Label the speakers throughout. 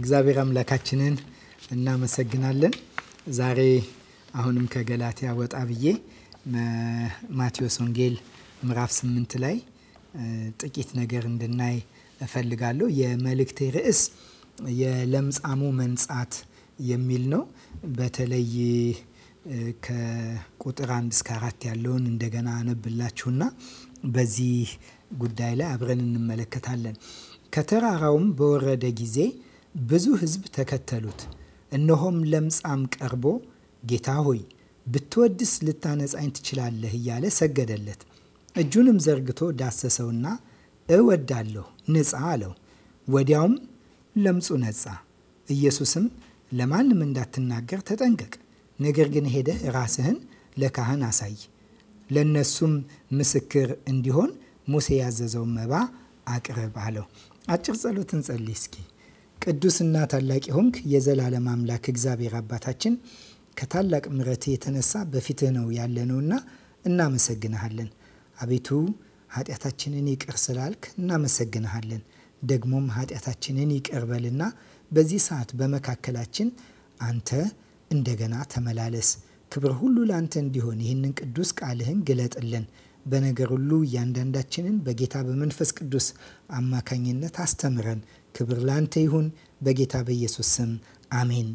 Speaker 1: እግዚአብሔር አምላካችንን እናመሰግናለን። ዛሬ አሁንም ከገላትያ ወጣ ብዬ ማቴዎስ ወንጌል ምዕራፍ ስምንት ላይ ጥቂት ነገር እንድናይ እፈልጋለሁ። የመልእክቴ ርዕስ የለምጻሙ መንጻት የሚል ነው። በተለይ ከቁጥር አንድ እስከ አራት ያለውን እንደገና አነብላችሁና በዚህ ጉዳይ ላይ አብረን እንመለከታለን። ከተራራውም በወረደ ጊዜ ብዙ ሕዝብ ተከተሉት። እነሆም ለምጻም ቀርቦ ጌታ ሆይ ብትወድስ ልታነጻኝ ትችላለህ እያለ ሰገደለት። እጁንም ዘርግቶ ዳሰሰውና እወዳለሁ ንጻ አለው። ወዲያውም ለምጹ ነጻ። ኢየሱስም ለማንም እንዳትናገር ተጠንቀቅ፣ ነገር ግን ሄደህ ራስህን ለካህን አሳይ፣ ለእነሱም ምስክር እንዲሆን ሙሴ ያዘዘውን መባ አቅርብ አለው። አጭር ጸሎት እንጸልይ እስኪ። ቅዱስና ታላቅ የሆንክ የዘላለም አምላክ እግዚአብሔር አባታችን ከታላቅ ምረት የተነሳ በፊትህ ነው ነውና እናመሰግንሃለን። አቤቱ ኃጢአታችንን ይቅር ስላልክ እናመሰግንሃለን። ደግሞም ኃጢአታችንን ይቅር በልና በዚህ ሰዓት በመካከላችን አንተ እንደገና ተመላለስ። ክብር ሁሉ ለአንተ እንዲሆን ይህንን ቅዱስ ቃልህን ግለጥልን። በነገር ሁሉ እያንዳንዳችንን በጌታ በመንፈስ ቅዱስ አማካኝነት አስተምረን ክብር ላንተ ይሁን በጌታ በኢየሱስ ስም አሜን።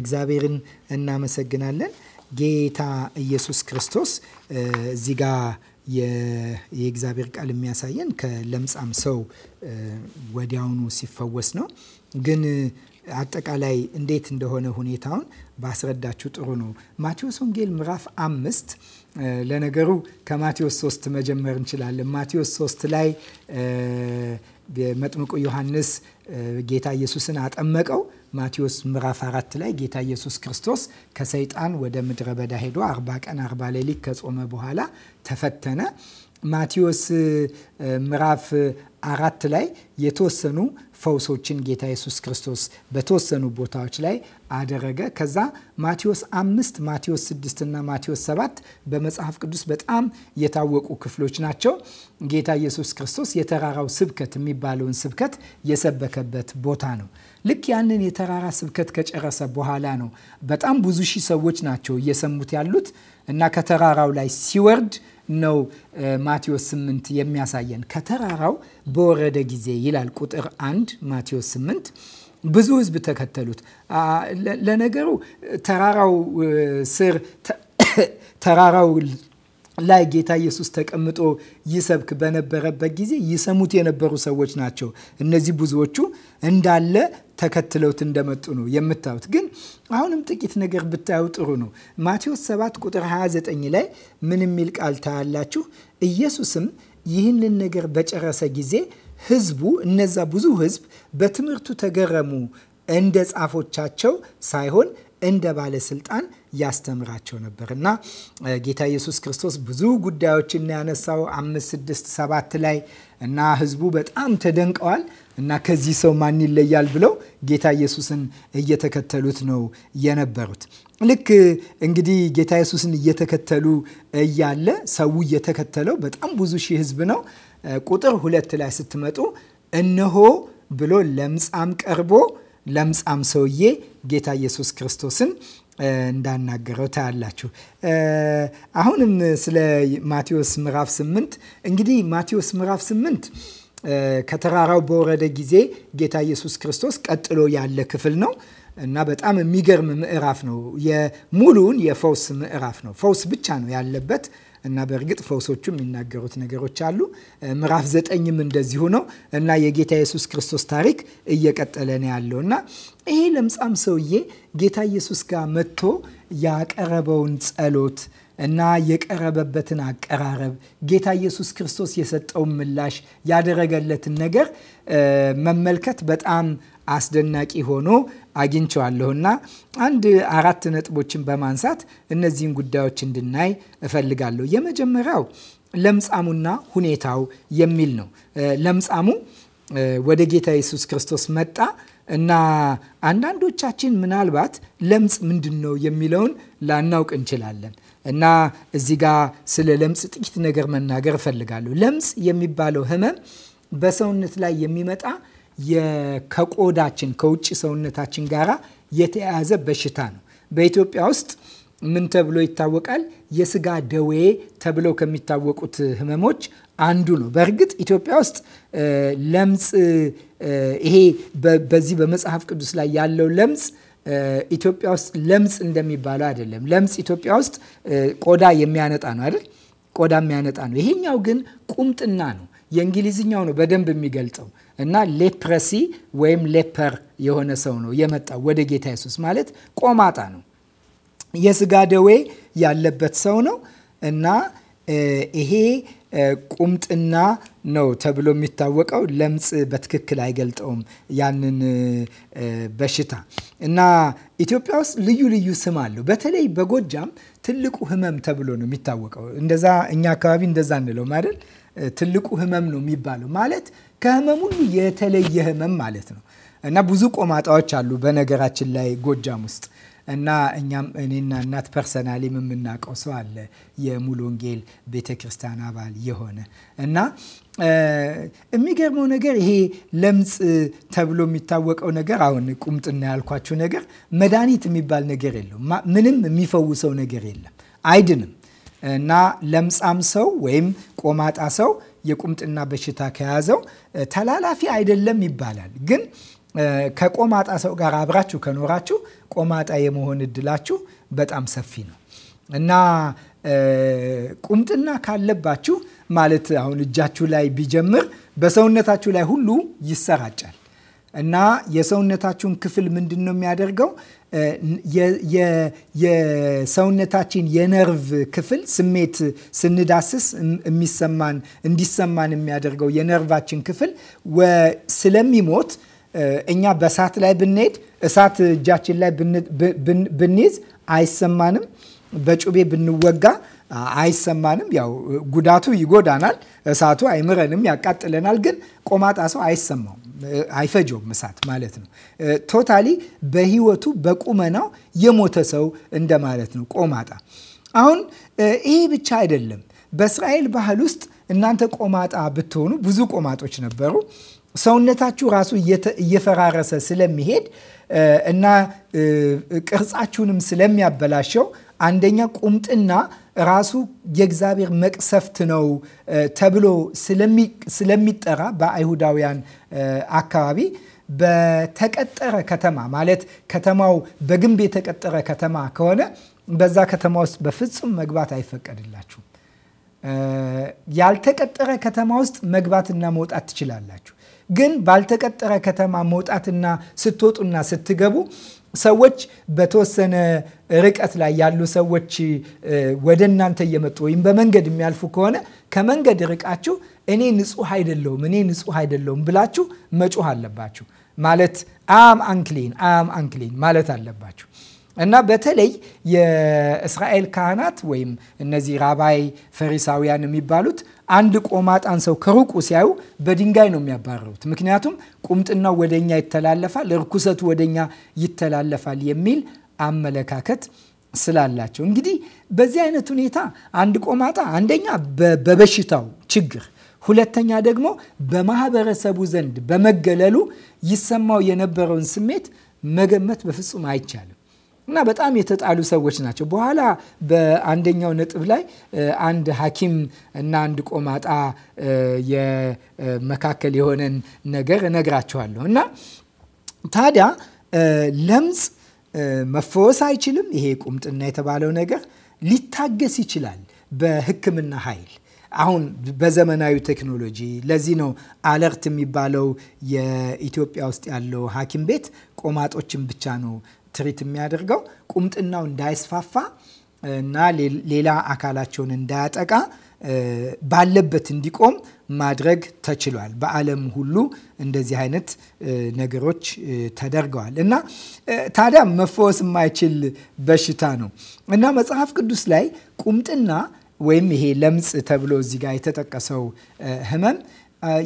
Speaker 1: እግዚአብሔርን እናመሰግናለን። ጌታ ኢየሱስ ክርስቶስ እዚህ ጋ የእግዚአብሔር ቃል የሚያሳየን ከለምጻም ሰው ወዲያውኑ ሲፈወስ ነው ግን አጠቃላይ እንዴት እንደሆነ ሁኔታውን ባስረዳችሁ ጥሩ ነው። ማቴዎስ ወንጌል ምዕራፍ አምስት ለነገሩ ከማቴዎስ ሶስት መጀመር እንችላለን። ማቴዎስ ሶስት ላይ መጥምቁ ዮሐንስ ጌታ ኢየሱስን አጠመቀው። ማቴዎስ ምዕራፍ አራት ላይ ጌታ ኢየሱስ ክርስቶስ ከሰይጣን ወደ ምድረ በዳ ሄዶ አርባ ቀን አርባ ሌሊት ከጾመ በኋላ ተፈተነ። ማቴዎስ ምዕራፍ አራት ላይ የተወሰኑ ፈውሶችን ጌታ ኢየሱስ ክርስቶስ በተወሰኑ ቦታዎች ላይ አደረገ። ከዛ ማቴዎስ አምስት ማቴዎስ ስድስት እና ማቴዎስ ሰባት በመጽሐፍ ቅዱስ በጣም የታወቁ ክፍሎች ናቸው። ጌታ ኢየሱስ ክርስቶስ የተራራው ስብከት የሚባለውን ስብከት የሰበከበት ቦታ ነው። ልክ ያንን የተራራ ስብከት ከጨረሰ በኋላ ነው በጣም ብዙ ሺህ ሰዎች ናቸው እየሰሙት ያሉት እና ከተራራው ላይ ሲወርድ ነው ማቴዎስ 8 የሚያሳየን። ከተራራው በወረደ ጊዜ ይላል ቁጥር 1 ማቴዎስ 8 ብዙ ሕዝብ ተከተሉት። ለነገሩ ተራራው ስር ተራራው ላይ ጌታ ኢየሱስ ተቀምጦ ይሰብክ በነበረበት ጊዜ ይሰሙት የነበሩ ሰዎች ናቸው እነዚህ ብዙዎቹ እንዳለ ተከትለውት እንደመጡ ነው የምታዩት። ግን አሁንም ጥቂት ነገር ብታዩ ጥሩ ነው። ማቴዎስ 7 ቁጥር 29 ላይ ምን የሚል ቃል ታያላችሁ? ኢየሱስም ይህንን ነገር በጨረሰ ጊዜ ህዝቡ እነዛ ብዙ ህዝብ በትምህርቱ ተገረሙ፣ እንደ ጻፎቻቸው ሳይሆን እንደ ባለስልጣን ያስተምራቸው ነበር እና ጌታ ኢየሱስ ክርስቶስ ብዙ ጉዳዮችን ያነሳው አምስት ስድስት ሰባት ላይ እና ህዝቡ በጣም ተደንቀዋል። እና ከዚህ ሰው ማን ይለያል ብለው ጌታ ኢየሱስን እየተከተሉት ነው የነበሩት። ልክ እንግዲህ ጌታ ኢየሱስን እየተከተሉ እያለ ሰው እየተከተለው በጣም ብዙ ሺህ ህዝብ ነው። ቁጥር ሁለት ላይ ስትመጡ እነሆ ብሎ ለምጻም ቀርቦ ለምጻም ሰውዬ ጌታ ኢየሱስ ክርስቶስን እንዳናገረው ታያላችሁ። አሁንም ስለ ማቴዎስ ምዕራፍ 8 እንግዲህ ማቴዎስ ምዕራፍ 8 ከተራራው በወረደ ጊዜ ጌታ ኢየሱስ ክርስቶስ ቀጥሎ ያለ ክፍል ነው እና በጣም የሚገርም ምዕራፍ ነው። የሙሉውን የፈውስ ምዕራፍ ነው። ፈውስ ብቻ ነው ያለበት እና በእርግጥ ፈውሶቹ የሚናገሩት ነገሮች አሉ። ምዕራፍ ዘጠኝም እንደዚሁ ነው እና የጌታ ኢየሱስ ክርስቶስ ታሪክ እየቀጠለ ነው ያለው እና ይሄ ለምጻም ሰውዬ ጌታ ኢየሱስ ጋር መጥቶ ያቀረበውን ጸሎት እና የቀረበበትን አቀራረብ ጌታ ኢየሱስ ክርስቶስ የሰጠውን ምላሽ ያደረገለትን ነገር መመልከት በጣም አስደናቂ ሆኖ አግኝቸዋለሁና አንድ አራት ነጥቦችን በማንሳት እነዚህን ጉዳዮች እንድናይ እፈልጋለሁ። የመጀመሪያው ለምጻሙና ሁኔታው የሚል ነው። ለምጻሙ ወደ ጌታ ኢየሱስ ክርስቶስ መጣ እና አንዳንዶቻችን ምናልባት ለምጽ ምንድን ነው የሚለውን ላናውቅ እንችላለን እና እዚህ ጋ ስለ ለምጽ ጥቂት ነገር መናገር እፈልጋለሁ። ለምጽ የሚባለው ህመም በሰውነት ላይ የሚመጣ ከቆዳችን ከውጭ ሰውነታችን ጋራ የተያያዘ በሽታ ነው። በኢትዮጵያ ውስጥ ምን ተብሎ ይታወቃል? የስጋ ደዌ ተብለው ከሚታወቁት ህመሞች አንዱ ነው። በእርግጥ ኢትዮጵያ ውስጥ ለምጽ ይሄ በዚህ በመጽሐፍ ቅዱስ ላይ ያለው ለምጽ ኢትዮጵያ ውስጥ ለምጽ እንደሚባለው አይደለም። ለምጽ ኢትዮጵያ ውስጥ ቆዳ የሚያነጣ ነው አይደል? ቆዳ የሚያነጣ ነው። ይሄኛው ግን ቁምጥና ነው። የእንግሊዝኛው ነው በደንብ የሚገልጸው እና ሌፕረሲ ወይም ሌፐር የሆነ ሰው ነው የመጣው ወደ ጌታ ኢየሱስ። ማለት ቆማጣ ነው፣ የስጋ ደዌ ያለበት ሰው ነው እና ይሄ ቁምጥና ነው ተብሎ የሚታወቀው ለምጽ በትክክል አይገልጠውም ያንን በሽታ እና ኢትዮጵያ ውስጥ ልዩ ልዩ ስም አለው። በተለይ በጎጃም ትልቁ ህመም ተብሎ ነው የሚታወቀው። እንደዛ እኛ አካባቢ እንደዛ እንለው አይደል? ትልቁ ህመም ነው የሚባለው። ማለት ከህመም ሁሉ የተለየ ህመም ማለት ነው እና ብዙ ቆማጣዎች አሉ በነገራችን ላይ ጎጃም ውስጥ እና እኛም እኔና እናት ፐርሰናሊ የምናውቀው ሰው አለ የሙሉ ወንጌል ቤተ ክርስቲያን አባል የሆነ እና የሚገርመው ነገር ይሄ ለምጽ ተብሎ የሚታወቀው ነገር አሁን ቁምጥና ያልኳችሁ ነገር መድኃኒት የሚባል ነገር የለውም። ምንም የሚፈውሰው ነገር የለም። አይድንም እና ለምጻም ሰው ወይም ቆማጣ ሰው የቁምጥና በሽታ ከያዘው ተላላፊ አይደለም ይባላል። ግን ከቆማጣ ሰው ጋር አብራችሁ ከኖራችሁ ቆማጣ የመሆን እድላችሁ በጣም ሰፊ ነው እና ቁምጥና ካለባችሁ ማለት አሁን እጃችሁ ላይ ቢጀምር በሰውነታችሁ ላይ ሁሉ ይሰራጫል። እና የሰውነታችሁን ክፍል ምንድን ነው የሚያደርገው? የሰውነታችን የነርቭ ክፍል ስሜት ስንዳስስ የሚሰማን እንዲሰማን የሚያደርገው የነርቫችን ክፍል ስለሚሞት እኛ በእሳት ላይ ብንሄድ እሳት እጃችን ላይ ብንይዝ አይሰማንም። በጩቤ ብንወጋ አይሰማንም። ያው ጉዳቱ ይጎዳናል፣ እሳቱ አይምረንም፣ ያቃጥለናል። ግን ቆማጣ ሰው አይሰማውም። አይፈጀውም እሳት ማለት ነው። ቶታሊ በህይወቱ በቁመናው የሞተ ሰው እንደማለት ነው ቆማጣ። አሁን ይሄ ብቻ አይደለም። በእስራኤል ባህል ውስጥ እናንተ ቆማጣ ብትሆኑ ብዙ ቆማጦች ነበሩ። ሰውነታችሁ ራሱ እየፈራረሰ ስለሚሄድ እና ቅርጻችሁንም ስለሚያበላሸው አንደኛ ቁምጥና ራሱ የእግዚአብሔር መቅሰፍት ነው ተብሎ ስለሚጠራ በአይሁዳውያን አካባቢ በተቀጠረ ከተማ ማለት ከተማው በግንብ የተቀጠረ ከተማ ከሆነ በዛ ከተማ ውስጥ በፍጹም መግባት አይፈቀድላችሁም። ያልተቀጠረ ከተማ ውስጥ መግባትና መውጣት ትችላላችሁ። ግን ባልተቀጠረ ከተማ መውጣትና ስትወጡና ስትገቡ ሰዎች በተወሰነ ርቀት ላይ ያሉ ሰዎች ወደ እናንተ እየመጡ ወይም በመንገድ የሚያልፉ ከሆነ ከመንገድ ርቃችሁ እኔ ንጹህ አይደለሁም እኔ ንጹህ አይደለሁም ብላችሁ መጮህ አለባችሁ። ማለት አም አንክሊን አም አንክሊን ማለት አለባችሁ። እና በተለይ የእስራኤል ካህናት ወይም እነዚህ ራባይ ፈሪሳውያን የሚባሉት አንድ ቆማጣን ሰው ከሩቁ ሲያዩ በድንጋይ ነው የሚያባረሩት። ምክንያቱም ቁምጥናው ወደኛ ይተላለፋል፣ ርኩሰቱ ወደኛ ይተላለፋል የሚል አመለካከት ስላላቸው እንግዲህ በዚህ አይነት ሁኔታ አንድ ቆማጣ አንደኛ በበሽታው ችግር፣ ሁለተኛ ደግሞ በማህበረሰቡ ዘንድ በመገለሉ ይሰማው የነበረውን ስሜት መገመት በፍጹም አይቻልም። እና በጣም የተጣሉ ሰዎች ናቸው። በኋላ በአንደኛው ነጥብ ላይ አንድ ሐኪም እና አንድ ቆማጣ የመካከል የሆነን ነገር እነግራችኋለሁ። እና ታዲያ ለምጽ መፈወስ አይችልም። ይሄ ቁምጥና የተባለው ነገር ሊታገስ ይችላል በሕክምና ኃይል አሁን በዘመናዊ ቴክኖሎጂ። ለዚህ ነው አለርት የሚባለው የኢትዮጵያ ውስጥ ያለው ሐኪም ቤት ቆማጦችን ብቻ ነው ትሪት የሚያደርገው ቁምጥናው እንዳይስፋፋ እና ሌላ አካላቸውን እንዳያጠቃ ባለበት እንዲቆም ማድረግ ተችሏል። በዓለም ሁሉ እንደዚህ አይነት ነገሮች ተደርገዋል እና ታዲያ መፈወስ የማይችል በሽታ ነው እና መጽሐፍ ቅዱስ ላይ ቁምጥና ወይም ይሄ ለምጽ ተብሎ እዚህ ጋር የተጠቀሰው ህመም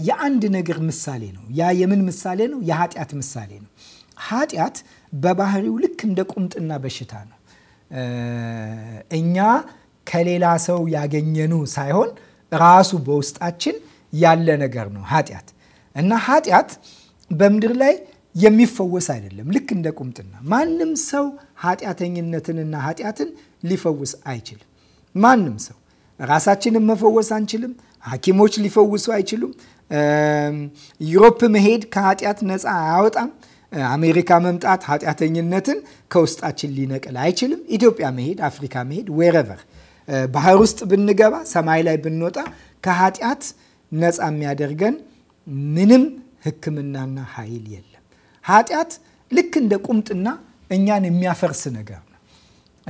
Speaker 1: የአንድ ነገር ምሳሌ ነው። ያ የምን ምሳሌ ነው? የኃጢአት ምሳሌ ነው። ኃጢአት በባህሪው ልክ እንደ ቁምጥና በሽታ ነው። እኛ ከሌላ ሰው ያገኘኑ ሳይሆን ራሱ በውስጣችን ያለ ነገር ነው ኃጢአት እና ኃጢአት በምድር ላይ የሚፈወስ አይደለም። ልክ እንደ ቁምጥና ማንም ሰው ኃጢአተኝነትንና ኃጢአትን ሊፈውስ አይችልም። ማንም ሰው ራሳችንን መፈወስ አንችልም። ሐኪሞች ሊፈውሱ አይችሉም። ዩሮፕ መሄድ ከኃጢአት ነፃ አያወጣም። አሜሪካ መምጣት ኃጢአተኝነትን ከውስጣችን ሊነቅል አይችልም። ኢትዮጵያ መሄድ፣ አፍሪካ መሄድ፣ ወረቨር ባህር ውስጥ ብንገባ፣ ሰማይ ላይ ብንወጣ ከኃጢአት ነፃ የሚያደርገን ምንም ሕክምናና ኃይል የለም። ኃጢአት ልክ እንደ ቁምጥና እኛን የሚያፈርስ ነገር ነው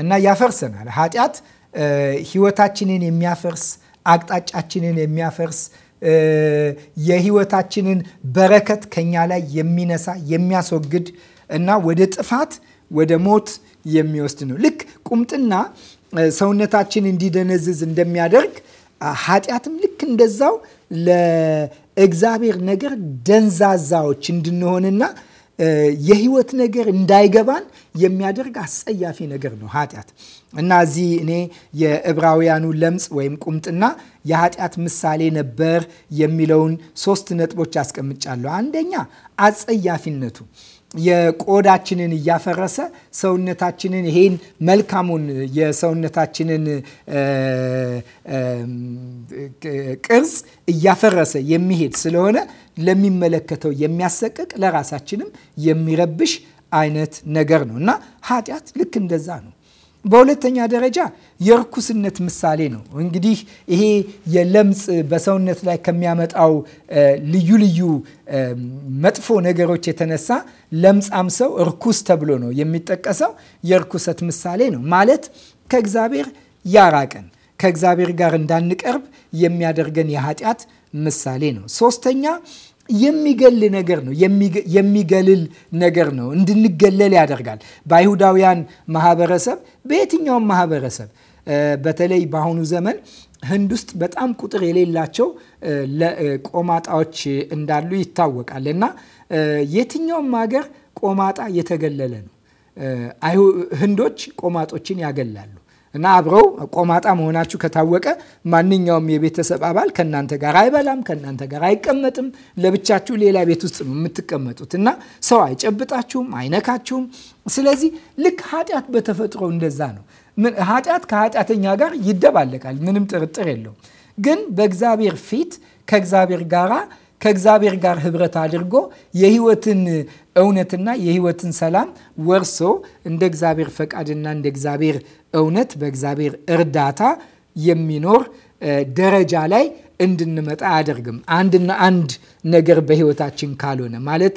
Speaker 1: እና ያፈርሰናል። ኃጢአት ህይወታችንን የሚያፈርስ አቅጣጫችንን የሚያፈርስ የህይወታችንን በረከት ከኛ ላይ የሚነሳ የሚያስወግድ እና ወደ ጥፋት ወደ ሞት የሚወስድ ነው። ልክ ቁምጥና ሰውነታችን እንዲደነዝዝ እንደሚያደርግ ኃጢአትም ልክ እንደዛው ለእግዚአብሔር ነገር ደንዛዛዎች እንድንሆንና የህይወት ነገር እንዳይገባን የሚያደርግ አስጸያፊ ነገር ነው ኃጢአት እና እዚህ እኔ የዕብራውያኑ ለምጽ ወይም ቁምጥና የኃጢአት ምሳሌ ነበር የሚለውን ሶስት ነጥቦች አስቀምጫለሁ። አንደኛ አጸያፊነቱ የቆዳችንን እያፈረሰ ሰውነታችንን ይሄን መልካሙን የሰውነታችንን ቅርጽ እያፈረሰ የሚሄድ ስለሆነ ለሚመለከተው የሚያሰቅቅ ለራሳችንም የሚረብሽ አይነት ነገር ነው እና ኃጢአት ልክ እንደዛ ነው። በሁለተኛ ደረጃ የርኩስነት ምሳሌ ነው። እንግዲህ ይሄ የለምጽ በሰውነት ላይ ከሚያመጣው ልዩ ልዩ መጥፎ ነገሮች የተነሳ ለምጻም ሰው እርኩስ ተብሎ ነው የሚጠቀሰው። የርኩሰት ምሳሌ ነው ማለት ከእግዚአብሔር ያራቀን፣ ከእግዚአብሔር ጋር እንዳንቀርብ የሚያደርገን የኃጢአት ምሳሌ ነው። ሶስተኛ የሚገል ነገር ነው። የሚገልል ነገር ነው። እንድንገለል ያደርጋል። በአይሁዳውያን ማህበረሰብ በየትኛውም ማህበረሰብ በተለይ በአሁኑ ዘመን ህንድ ውስጥ በጣም ቁጥር የሌላቸው ቆማጣዎች እንዳሉ ይታወቃል። እና የትኛውም ሀገር ቆማጣ የተገለለ ነው። ህንዶች ቆማጦችን ያገላሉ። እና አብረው ቆማጣ መሆናችሁ ከታወቀ ማንኛውም የቤተሰብ አባል ከእናንተ ጋር አይበላም፣ ከእናንተ ጋር አይቀመጥም። ለብቻችሁ ሌላ ቤት ውስጥ ነው የምትቀመጡት እና ሰው አይጨብጣችሁም፣ አይነካችሁም። ስለዚህ ልክ ኃጢአት በተፈጥሮ እንደዛ ነው። ኃጢአት ከኃጢአተኛ ጋር ይደባለቃል፣ ምንም ጥርጥር የለውም። ግን በእግዚአብሔር ፊት ከእግዚአብሔር ጋራ ከእግዚአብሔር ጋር ህብረት አድርጎ የህይወትን እውነትና የህይወትን ሰላም ወርሶ እንደ እግዚአብሔር ፈቃድና እንደ እግዚአብሔር እውነት በእግዚአብሔር እርዳታ የሚኖር ደረጃ ላይ እንድንመጣ አያደርግም። አንድና አንድ ነገር በህይወታችን ካልሆነ ማለት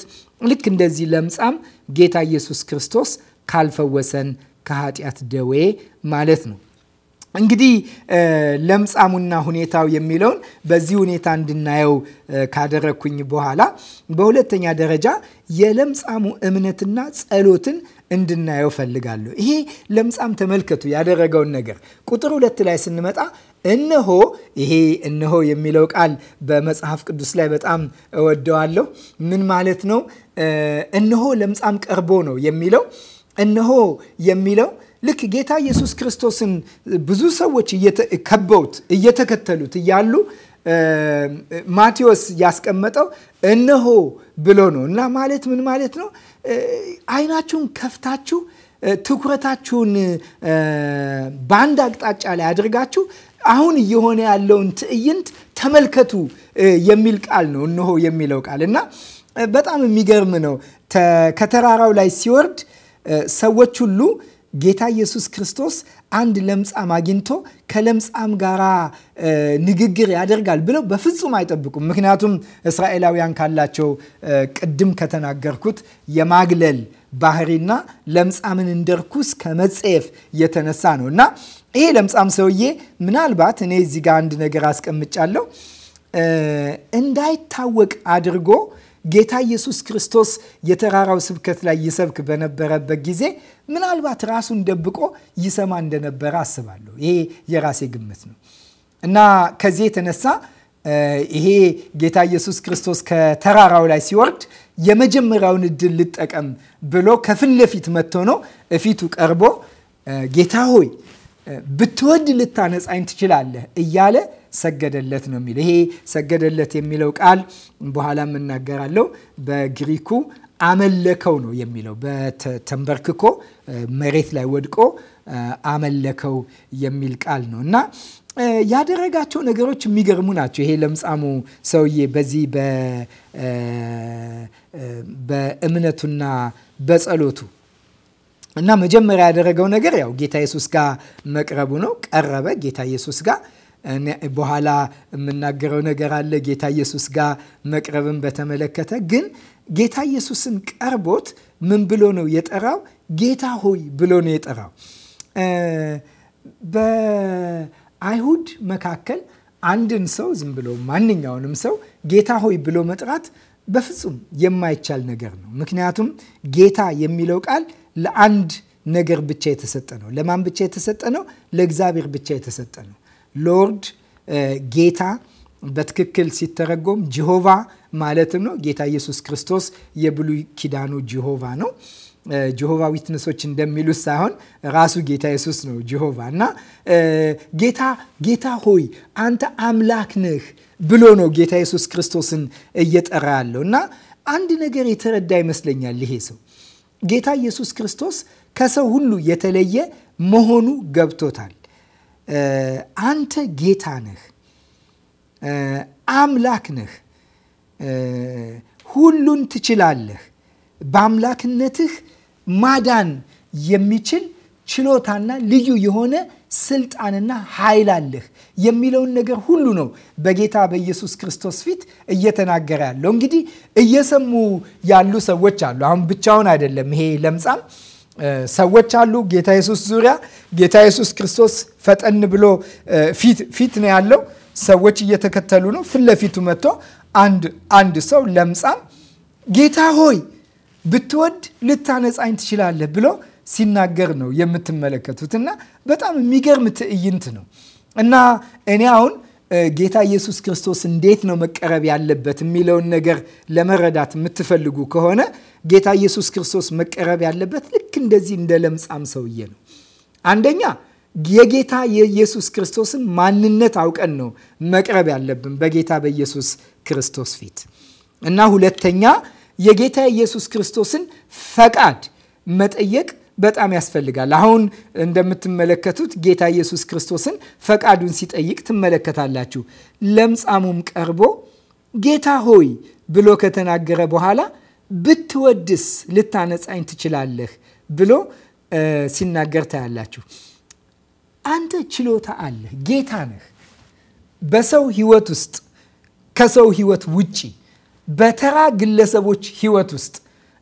Speaker 1: ልክ እንደዚህ ለምጻም ጌታ ኢየሱስ ክርስቶስ ካልፈወሰን ከኃጢአት ደዌ ማለት ነው። እንግዲህ ለምጻሙና ሁኔታው የሚለውን በዚህ ሁኔታ እንድናየው ካደረግኩኝ በኋላ በሁለተኛ ደረጃ የለምጻሙ እምነትና ጸሎትን እንድናየው ፈልጋለሁ። ይሄ ለምጻም ተመልከቱ ያደረገውን ነገር ቁጥር ሁለት ላይ ስንመጣ እነሆ ይሄ እነሆ የሚለው ቃል በመጽሐፍ ቅዱስ ላይ በጣም እወደዋለሁ። ምን ማለት ነው? እነሆ ለምጻም ቀርቦ ነው የሚለው እነሆ የሚለው ልክ ጌታ ኢየሱስ ክርስቶስን ብዙ ሰዎች ከበውት እየተከተሉት እያሉ ማቴዎስ ያስቀመጠው እነሆ ብሎ ነው እና ማለት ምን ማለት ነው? አይናችሁን ከፍታችሁ ትኩረታችሁን በአንድ አቅጣጫ ላይ አድርጋችሁ አሁን እየሆነ ያለውን ትዕይንት ተመልከቱ የሚል ቃል ነው። እነሆ የሚለው ቃል እና በጣም የሚገርም ነው። ከተራራው ላይ ሲወርድ ሰዎች ሁሉ ጌታ ኢየሱስ ክርስቶስ አንድ ለምጻም አግኝቶ ከለምጻም ጋር ንግግር ያደርጋል ብለው በፍጹም አይጠብቁም። ምክንያቱም እስራኤላውያን ካላቸው ቅድም ከተናገርኩት የማግለል ባህሪና ለምጻምን እንደርኩስ ከመጸየፍ የተነሳ ነው እና ይሄ ለምጻም ሰውዬ ምናልባት እኔ እዚህ ጋር አንድ ነገር አስቀምጫለሁ እንዳይታወቅ አድርጎ ጌታ ኢየሱስ ክርስቶስ የተራራው ስብከት ላይ ይሰብክ በነበረበት ጊዜ ምናልባት ራሱን ደብቆ ይሰማ እንደነበረ አስባለሁ። ይሄ የራሴ ግምት ነው እና ከዚህ የተነሳ ይሄ ጌታ ኢየሱስ ክርስቶስ ከተራራው ላይ ሲወርድ የመጀመሪያውን እድል ልጠቀም ብሎ ከፊት ለፊት መጥቶ ነው እፊቱ ቀርቦ ጌታ ሆይ ብትወድ ልታነጻኝ ትችላለህ እያለ ሰገደለት ነው የሚለው። ይሄ ሰገደለት የሚለው ቃል በኋላ የምናገራለው። በግሪኩ አመለከው ነው የሚለው። በተንበርክኮ መሬት ላይ ወድቆ አመለከው የሚል ቃል ነው እና ያደረጋቸው ነገሮች የሚገርሙ ናቸው። ይሄ ለምጻሙ ሰውዬ በዚህ በእምነቱና በጸሎቱ እና መጀመሪያ ያደረገው ነገር ያው ጌታ ኢየሱስ ጋር መቅረቡ ነው። ቀረበ ጌታ ኢየሱስ ጋር በኋላ የምናገረው ነገር አለ ጌታ ኢየሱስ ጋር መቅረብን በተመለከተ ግን ጌታ ኢየሱስን ቀርቦት ምን ብሎ ነው የጠራው? ጌታ ሆይ ብሎ ነው የጠራው። በአይሁድ መካከል አንድን ሰው ዝም ብሎ ማንኛውንም ሰው ጌታ ሆይ ብሎ መጥራት በፍጹም የማይቻል ነገር ነው። ምክንያቱም ጌታ የሚለው ቃል ለአንድ ነገር ብቻ የተሰጠ ነው። ለማን ብቻ የተሰጠ ነው? ለእግዚአብሔር ብቻ የተሰጠ ነው። ሎርድ ጌታ በትክክል ሲተረጎም ጂሆቫ ማለትም ነው። ጌታ ኢየሱስ ክርስቶስ የብሉይ ኪዳኑ ጂሆቫ ነው። ጂሆቫ ዊትነሶች እንደሚሉት ሳይሆን ራሱ ጌታ ኢየሱስ ነው ጂሆቫ እና ጌታ ጌታ ሆይ አንተ አምላክ ነህ ብሎ ነው ጌታ ኢየሱስ ክርስቶስን እየጠራ ያለው እና አንድ ነገር የተረዳ ይመስለኛል ይሄ ሰው ጌታ ኢየሱስ ክርስቶስ ከሰው ሁሉ የተለየ መሆኑ ገብቶታል። አንተ ጌታ ነህ፣ አምላክ ነህ፣ ሁሉን ትችላለህ። በአምላክነትህ ማዳን የሚችል ችሎታና ልዩ የሆነ ስልጣንና ኃይል አለህ የሚለውን ነገር ሁሉ ነው በጌታ በኢየሱስ ክርስቶስ ፊት እየተናገረ ያለው። እንግዲህ እየሰሙ ያሉ ሰዎች አሉ። አሁን ብቻውን አይደለም ይሄ ለምጻም ሰዎች አሉ ጌታ ኢየሱስ ዙሪያ። ጌታ ኢየሱስ ክርስቶስ ፈጠን ብሎ ፊት ነው ያለው። ሰዎች እየተከተሉ ነው። ፊት ለፊቱ መጥቶ አንድ አንድ ሰው ለምጻም ጌታ ሆይ ብትወድ ልታነጻኝ ትችላለህ ብሎ ሲናገር ነው የምትመለከቱት እና በጣም የሚገርም ትዕይንት ነው እና እኔ አሁን ጌታ ኢየሱስ ክርስቶስ እንዴት ነው መቀረብ ያለበት የሚለውን ነገር ለመረዳት የምትፈልጉ ከሆነ ጌታ ኢየሱስ ክርስቶስ መቀረብ ያለበት ልክ እንደዚህ እንደ ለምጻም ሰውዬ ነው። አንደኛ የጌታ የኢየሱስ ክርስቶስን ማንነት አውቀን ነው መቅረብ ያለብን በጌታ በኢየሱስ ክርስቶስ ፊት እና ሁለተኛ የጌታ ኢየሱስ ክርስቶስን ፈቃድ መጠየቅ በጣም ያስፈልጋል። አሁን እንደምትመለከቱት ጌታ ኢየሱስ ክርስቶስን ፈቃዱን ሲጠይቅ ትመለከታላችሁ። ለምጻሙም ቀርቦ ጌታ ሆይ ብሎ ከተናገረ በኋላ ብትወድስ ልታነጻኝ ትችላለህ ብሎ ሲናገር ታያላችሁ። አንተ ችሎታ አለህ፣ ጌታ ነህ። በሰው ህይወት ውስጥ ከሰው ህይወት ውጪ በተራ ግለሰቦች ህይወት ውስጥ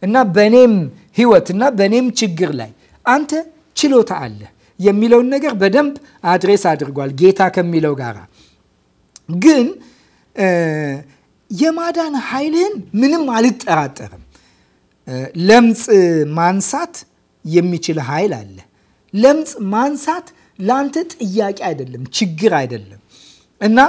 Speaker 1: እና በእኔም ህይወት እና በእኔም ችግር ላይ አንተ ችሎታ አለህ የሚለውን ነገር በደንብ አድሬስ አድርጓል ጌታ ከሚለው ጋራ ግን የማዳን ኃይልህን ምንም አልጠራጠርም። ለምጽ ማንሳት የሚችል ኃይል አለ። ለምጽ ማንሳት ለአንተ ጥያቄ አይደለም፣ ችግር አይደለም እና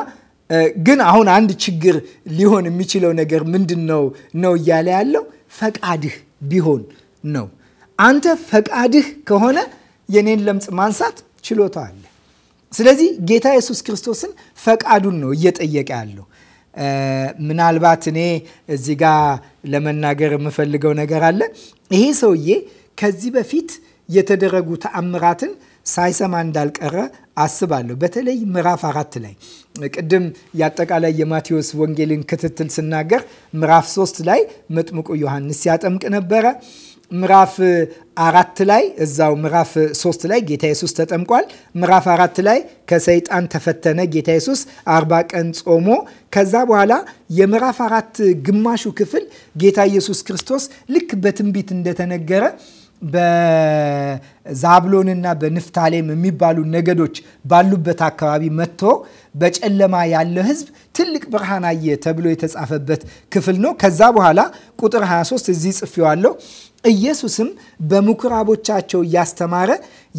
Speaker 1: ግን አሁን አንድ ችግር ሊሆን የሚችለው ነገር ምንድን ነው ነው እያለ ያለው ፈቃድህ ቢሆን ነው። አንተ ፈቃድህ ከሆነ የኔን ለምጽ ማንሳት ችሎታ አለ። ስለዚህ ጌታ ኢየሱስ ክርስቶስን ፈቃዱን ነው እየጠየቀ ያለው። ምናልባት እኔ እዚህ ጋ ለመናገር የምፈልገው ነገር አለ። ይሄ ሰውዬ ከዚህ በፊት የተደረጉ ተአምራትን ሳይሰማ እንዳልቀረ አስባለሁ። በተለይ ምዕራፍ አራት ላይ ቅድም የአጠቃላይ የማቴዎስ ወንጌልን ክትትል ስናገር ምዕራፍ ሶስት ላይ መጥምቁ ዮሐንስ ሲያጠምቅ ነበረ ምዕራፍ አራት ላይ እዛው ምዕራፍ ሶስት ላይ ጌታ የሱስ ተጠምቋል። ምዕራፍ አራት ላይ ከሰይጣን ተፈተነ ጌታ የሱስ አርባ ቀን ጾሞ ከዛ በኋላ የምዕራፍ አራት ግማሹ ክፍል ጌታ ኢየሱስ ክርስቶስ ልክ በትንቢት እንደተነገረ በዛብሎንና በንፍታሌም የሚባሉ ነገዶች ባሉበት አካባቢ መጥቶ በጨለማ ያለ ሕዝብ ትልቅ ብርሃን አየ ተብሎ የተጻፈበት ክፍል ነው። ከዛ በኋላ ቁጥር 23 እዚህ ጽፌዋለሁ። ኢየሱስም በምኩራቦቻቸው እያስተማረ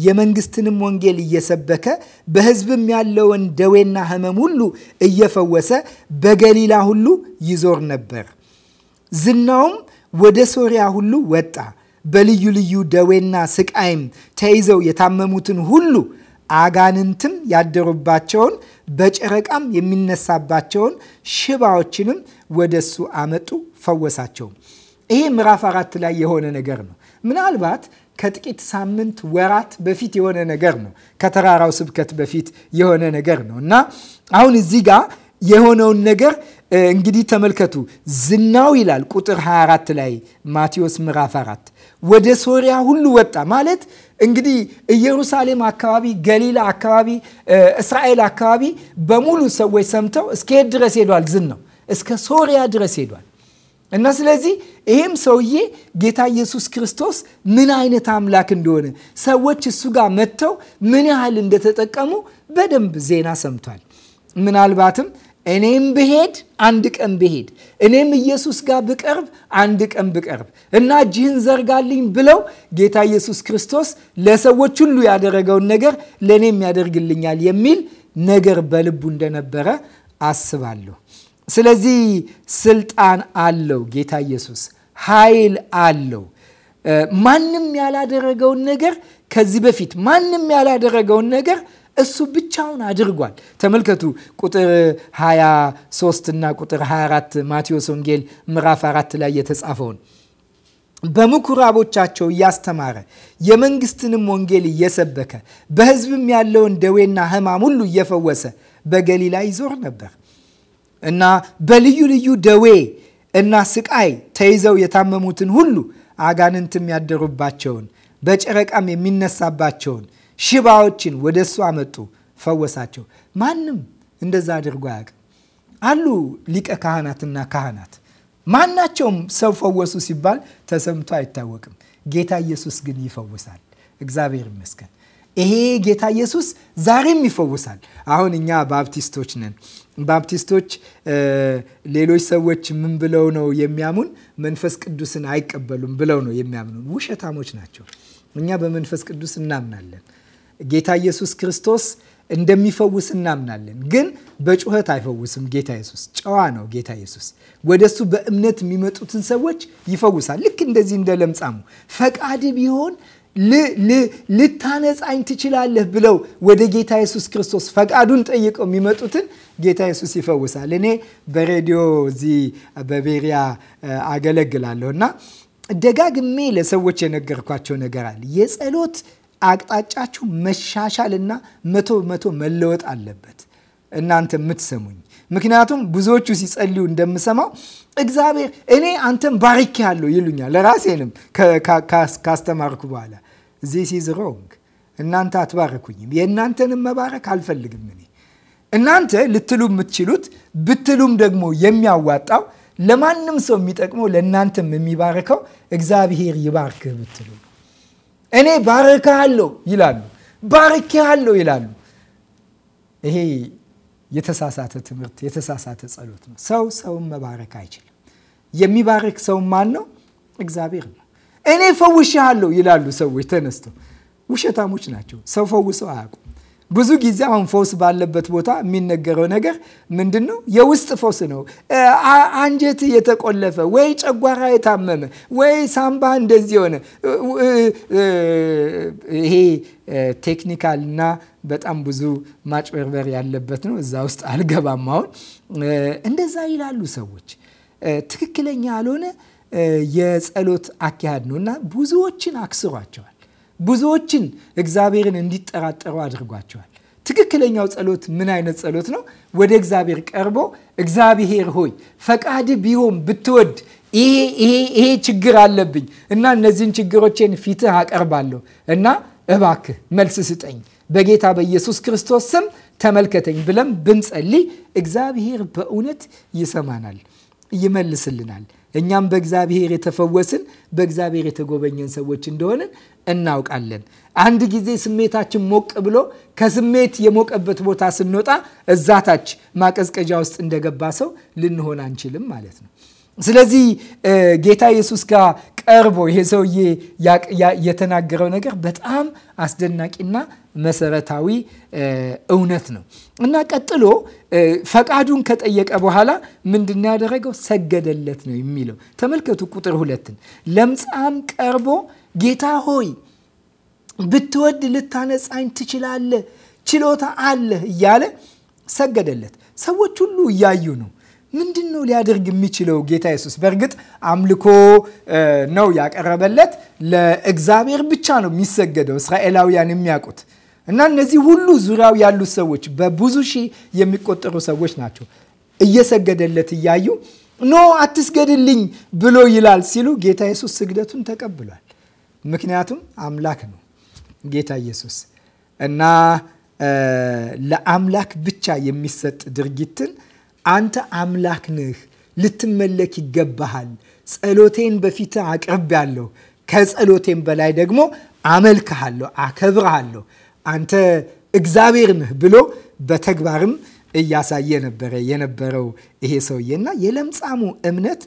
Speaker 1: የመንግስትንም ወንጌል እየሰበከ በሕዝብም ያለውን ደዌና ሕመም ሁሉ እየፈወሰ በገሊላ ሁሉ ይዞር ነበር። ዝናውም ወደ ሶሪያ ሁሉ ወጣ። በልዩ ልዩ ደዌና ስቃይም ተይዘው የታመሙትን ሁሉ አጋንንትም ያደሩባቸውን በጨረቃም የሚነሳባቸውን ሽባዎችንም ወደሱ አመጡ፣ ፈወሳቸው። ይሄ ምዕራፍ አራት ላይ የሆነ ነገር ነው። ምናልባት ከጥቂት ሳምንት ወራት በፊት የሆነ ነገር ነው። ከተራራው ስብከት በፊት የሆነ ነገር ነው እና አሁን እዚህ ጋር የሆነውን ነገር እንግዲህ ተመልከቱ። ዝናው ይላል ቁጥር 24 ላይ ማቴዎስ ምዕራፍ አራት ወደ ሶሪያ ሁሉ ወጣ ማለት እንግዲህ ኢየሩሳሌም አካባቢ፣ ገሊላ አካባቢ፣ እስራኤል አካባቢ በሙሉ ሰዎች ሰምተው እስከሄድ ድረስ ሄዷል? ዝናው እስከ ሶሪያ ድረስ ሄዷል። እና ስለዚህ ይሄም ሰውዬ ጌታ ኢየሱስ ክርስቶስ ምን አይነት አምላክ እንደሆነ ሰዎች እሱ ጋር መጥተው ምን ያህል እንደተጠቀሙ በደንብ ዜና ሰምቷል። ምናልባትም እኔም ብሄድ አንድ ቀን ብሄድ እኔም ኢየሱስ ጋር ብቀርብ አንድ ቀን ብቀርብ እና እጅህን ዘርጋልኝ ብለው ጌታ ኢየሱስ ክርስቶስ ለሰዎች ሁሉ ያደረገውን ነገር ለእኔም ያደርግልኛል የሚል ነገር በልቡ እንደነበረ አስባለሁ። ስለዚህ ስልጣን አለው ጌታ ኢየሱስ፣ ኃይል አለው። ማንም ያላደረገውን ነገር ከዚህ በፊት ማንም ያላደረገውን ነገር እሱ ብቻውን አድርጓል። ተመልከቱ ቁጥር 23 እና ቁጥር 24 ማቴዎስ ወንጌል ምዕራፍ 4 ላይ የተጻፈውን በምኩራቦቻቸው እያስተማረ የመንግስትንም ወንጌል እየሰበከ በሕዝብም ያለውን ደዌና ሕማም ሁሉ እየፈወሰ በገሊላ ይዞር ነበር። እና በልዩ ልዩ ደዌ እና ስቃይ ተይዘው የታመሙትን ሁሉ አጋንንትም ያደሩባቸውን በጨረቃም የሚነሳባቸውን ሽባዎችን ወደ እሱ አመጡ፣ ፈወሳቸው። ማንም እንደዛ አድርጎ አያውቅም። አሉ ሊቀ ካህናትና ካህናት ማናቸውም ሰው ፈወሱ ሲባል ተሰምቶ አይታወቅም። ጌታ ኢየሱስ ግን ይፈውሳል። እግዚአብሔር ይመስገን። ይሄ ጌታ ኢየሱስ ዛሬም ይፈውሳል። አሁን እኛ ባፕቲስቶች ነን ባፕቲስቶች ሌሎች ሰዎች ምን ብለው ነው የሚያሙን? መንፈስ ቅዱስን አይቀበሉም ብለው ነው የሚያምኑ። ውሸታሞች ናቸው። እኛ በመንፈስ ቅዱስ እናምናለን። ጌታ ኢየሱስ ክርስቶስ እንደሚፈውስ እናምናለን። ግን በጩኸት አይፈውስም። ጌታ ኢየሱስ ጨዋ ነው። ጌታ ኢየሱስ ወደሱ በእምነት የሚመጡትን ሰዎች ይፈውሳል። ልክ እንደዚህ እንደ ለምጻሙ ፈቃድ ቢሆን ልታነጻኝ ትችላለህ ብለው ወደ ጌታ ኢየሱስ ክርስቶስ ፈቃዱን ጠይቀው የሚመጡትን ጌታ ኢየሱስ ይፈውሳል። እኔ በሬዲዮ እዚህ በቤሪያ አገለግላለሁ እና ደጋግሜ ለሰዎች የነገርኳቸው ነገር አለ። የጸሎት አቅጣጫችሁ መሻሻል እና መቶ በመቶ መለወጥ አለበት። እናንተ የምትሰሙኝ ምክንያቱም ብዙዎቹ ሲጸልዩ እንደምሰማው እግዚአብሔር እኔ አንተን ባርኬ ያለው ይሉኛል። ለራሴንም ካስተማርኩ በኋላ እዚህ ኢዝ እናንተ አትባረኩኝም። የእናንተንም መባረክ አልፈልግም እኔ እናንተ ልትሉ የምትችሉት ብትሉም ደግሞ የሚያዋጣው ለማንም ሰው የሚጠቅመው ለእናንተም የሚባርከው እግዚአብሔር ይባርክህ ብትሉ እኔ ባርክሃለሁ ይላሉ፣ አለው ይላሉ። ይሄ የተሳሳተ ትምህርት፣ የተሳሳተ ጸሎት ነው። ሰው ሰውን መባረክ አይችልም። የሚባርክ ሰው ማን ነው? እግዚአብሔር ነው። እኔ ፈውሻለሁ ይላሉ ሰዎች ተነስተው፣ ውሸታሞች ናቸው። ሰው ፈውሰው አያውቁም። ብዙ ጊዜ አሁን ፈውስ ባለበት ቦታ የሚነገረው ነገር ምንድን ነው? የውስጥ ፈውስ ነው። አንጀት የተቆለፈ ወይ ጨጓራ የታመመ ወይ ሳምባ እንደዚህ የሆነ ይሄ ቴክኒካል እና በጣም ብዙ ማጭበርበር ያለበት ነው። እዛ ውስጥ አልገባም። አሁን እንደዛ ይላሉ ሰዎች። ትክክለኛ ያልሆነ የጸሎት አካሄድ ነው እና ብዙዎችን አክስሯቸዋል። ብዙዎችን እግዚአብሔርን እንዲጠራጠሩ አድርጓቸዋል። ትክክለኛው ጸሎት ምን አይነት ጸሎት ነው? ወደ እግዚአብሔር ቀርቦ እግዚአብሔር ሆይ ፈቃድ ቢሆን ብትወድ ይሄ ይሄ ይሄ ችግር አለብኝ እና እነዚህን ችግሮቼን ፊትህ አቀርባለሁ እና እባክህ መልስ ስጠኝ በጌታ በኢየሱስ ክርስቶስ ስም ተመልከተኝ ብለን ብንጸልይ እግዚአብሔር በእውነት ይሰማናል፣ ይመልስልናል። እኛም በእግዚአብሔር የተፈወስን በእግዚአብሔር የተጎበኘን ሰዎች እንደሆንን እናውቃለን። አንድ ጊዜ ስሜታችን ሞቅ ብሎ ከስሜት የሞቀበት ቦታ ስንወጣ እዛታች ማቀዝቀዣ ውስጥ እንደገባ ሰው ልንሆን አንችልም ማለት ነው። ስለዚህ ጌታ ኢየሱስ ጋር ቀርቦ ይሄ ሰውዬ የተናገረው ነገር በጣም አስደናቂና መሰረታዊ እውነት ነው እና ቀጥሎ ፈቃዱን ከጠየቀ በኋላ ምንድን ያደረገው ሰገደለት ነው የሚለው። ተመልከቱ ቁጥር ሁለትን ለምጻም ቀርቦ ጌታ ሆይ ብትወድ ልታነጻኝ ትችላለህ፣ ችሎታ አለህ እያለ ሰገደለት። ሰዎች ሁሉ እያዩ ነው። ምንድን ነው ሊያደርግ የሚችለው ጌታ ኢየሱስ? በእርግጥ አምልኮ ነው ያቀረበለት። ለእግዚአብሔር ብቻ ነው የሚሰገደው። እስራኤላውያን የሚያውቁት እና እነዚህ ሁሉ ዙሪያው ያሉት ሰዎች በብዙ ሺህ የሚቆጠሩ ሰዎች ናቸው። እየሰገደለት እያዩ ኖ አትስገድልኝ ብሎ ይላል ሲሉ ጌታ ኢየሱስ ስግደቱን ተቀብሏል። ምክንያቱም አምላክ ነው ጌታ ኢየሱስ እና ለአምላክ ብቻ የሚሰጥ ድርጊትን አንተ አምላክ ነህ፣ ልትመለክ ይገባሃል፣ ጸሎቴን በፊት አቅርብ ያለው ከጸሎቴን በላይ ደግሞ አመልክሃለሁ፣ አከብርሃለሁ አንተ እግዚአብሔር ነህ ብሎ በተግባርም እያሳየ ነበረ የነበረው ይሄ ሰውዬና የለምጻሙ እምነት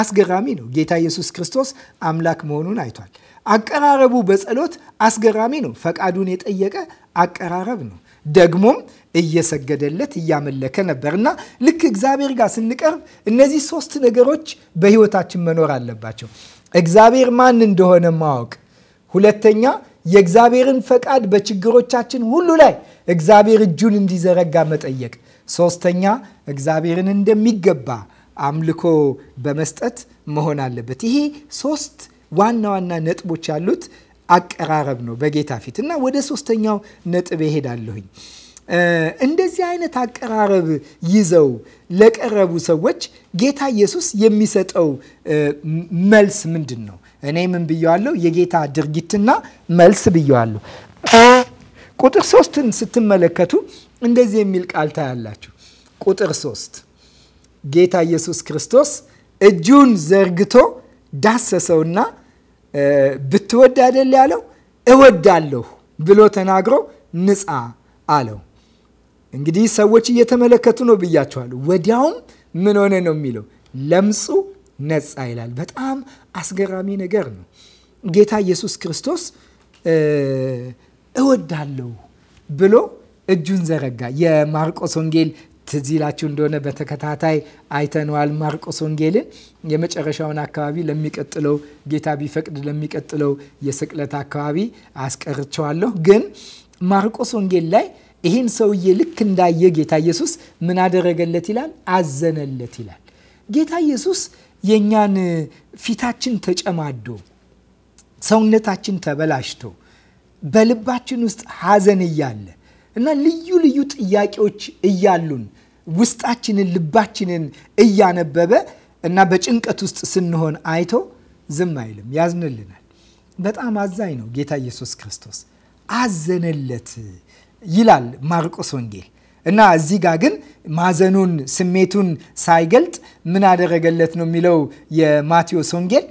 Speaker 1: አስገራሚ ነው። ጌታ ኢየሱስ ክርስቶስ አምላክ መሆኑን አይቷል። አቀራረቡ በጸሎት አስገራሚ ነው። ፈቃዱን የጠየቀ አቀራረብ ነው። ደግሞም እየሰገደለት እያመለከ ነበር እና ልክ እግዚአብሔር ጋር ስንቀርብ እነዚህ ሶስት ነገሮች በህይወታችን መኖር አለባቸው። እግዚአብሔር ማን እንደሆነ ማወቅ፣ ሁለተኛ የእግዚአብሔርን ፈቃድ በችግሮቻችን ሁሉ ላይ እግዚአብሔር እጁን እንዲዘረጋ መጠየቅ። ሶስተኛ እግዚአብሔርን እንደሚገባ አምልኮ በመስጠት መሆን አለበት። ይሄ ሶስት ዋና ዋና ነጥቦች ያሉት አቀራረብ ነው በጌታ ፊት እና ወደ ሶስተኛው ነጥብ እሄዳለሁኝ። እንደዚህ አይነት አቀራረብ ይዘው ለቀረቡ ሰዎች ጌታ ኢየሱስ የሚሰጠው መልስ ምንድን ነው? እኔ ምን ብየዋለሁ? የጌታ ድርጊትና መልስ ብየዋለሁ። ቁጥር ሶስትን ስትመለከቱ እንደዚህ የሚል ቃል ታያላችሁ። ቁጥር ሶስት ጌታ ኢየሱስ ክርስቶስ እጁን ዘርግቶ ዳሰሰውና ብትወድ አይደል ያለው እወዳለሁ ብሎ ተናግሮ ንጻ አለው። እንግዲህ ሰዎች እየተመለከቱ ነው ብያቸዋለሁ። ወዲያውም ምን ሆነ ነው የሚለው ለምጹ ነጻ ይላል። በጣም አስገራሚ ነገር ነው። ጌታ ኢየሱስ ክርስቶስ እወዳለሁ ብሎ እጁን ዘረጋ። የማርቆስ ወንጌል ትዝ ይላችሁ እንደሆነ በተከታታይ አይተነዋል። ማርቆስ ወንጌልን የመጨረሻውን አካባቢ ለሚቀጥለው ጌታ ቢፈቅድ ለሚቀጥለው የስቅለት አካባቢ አስቀርቸዋለሁ። ግን ማርቆስ ወንጌል ላይ ይህን ሰውዬ ልክ እንዳየ ጌታ ኢየሱስ ምን አደረገለት ይላል? አዘነለት ይላል ጌታ ኢየሱስ የእኛን ፊታችን ተጨማዶ ሰውነታችን ተበላሽቶ በልባችን ውስጥ ሐዘን እያለ እና ልዩ ልዩ ጥያቄዎች እያሉን ውስጣችንን ልባችንን እያነበበ እና በጭንቀት ውስጥ ስንሆን አይቶ ዝም አይልም፣ ያዝንልናል። በጣም አዛኝ ነው ጌታ ኢየሱስ ክርስቶስ። አዘነለት ይላል ማርቆስ ወንጌል እና እዚህ ጋር ግን ማዘኑን ስሜቱን ሳይገልጥ ምን አደረገለት ነው የሚለው የማቴዎስ ወንጌል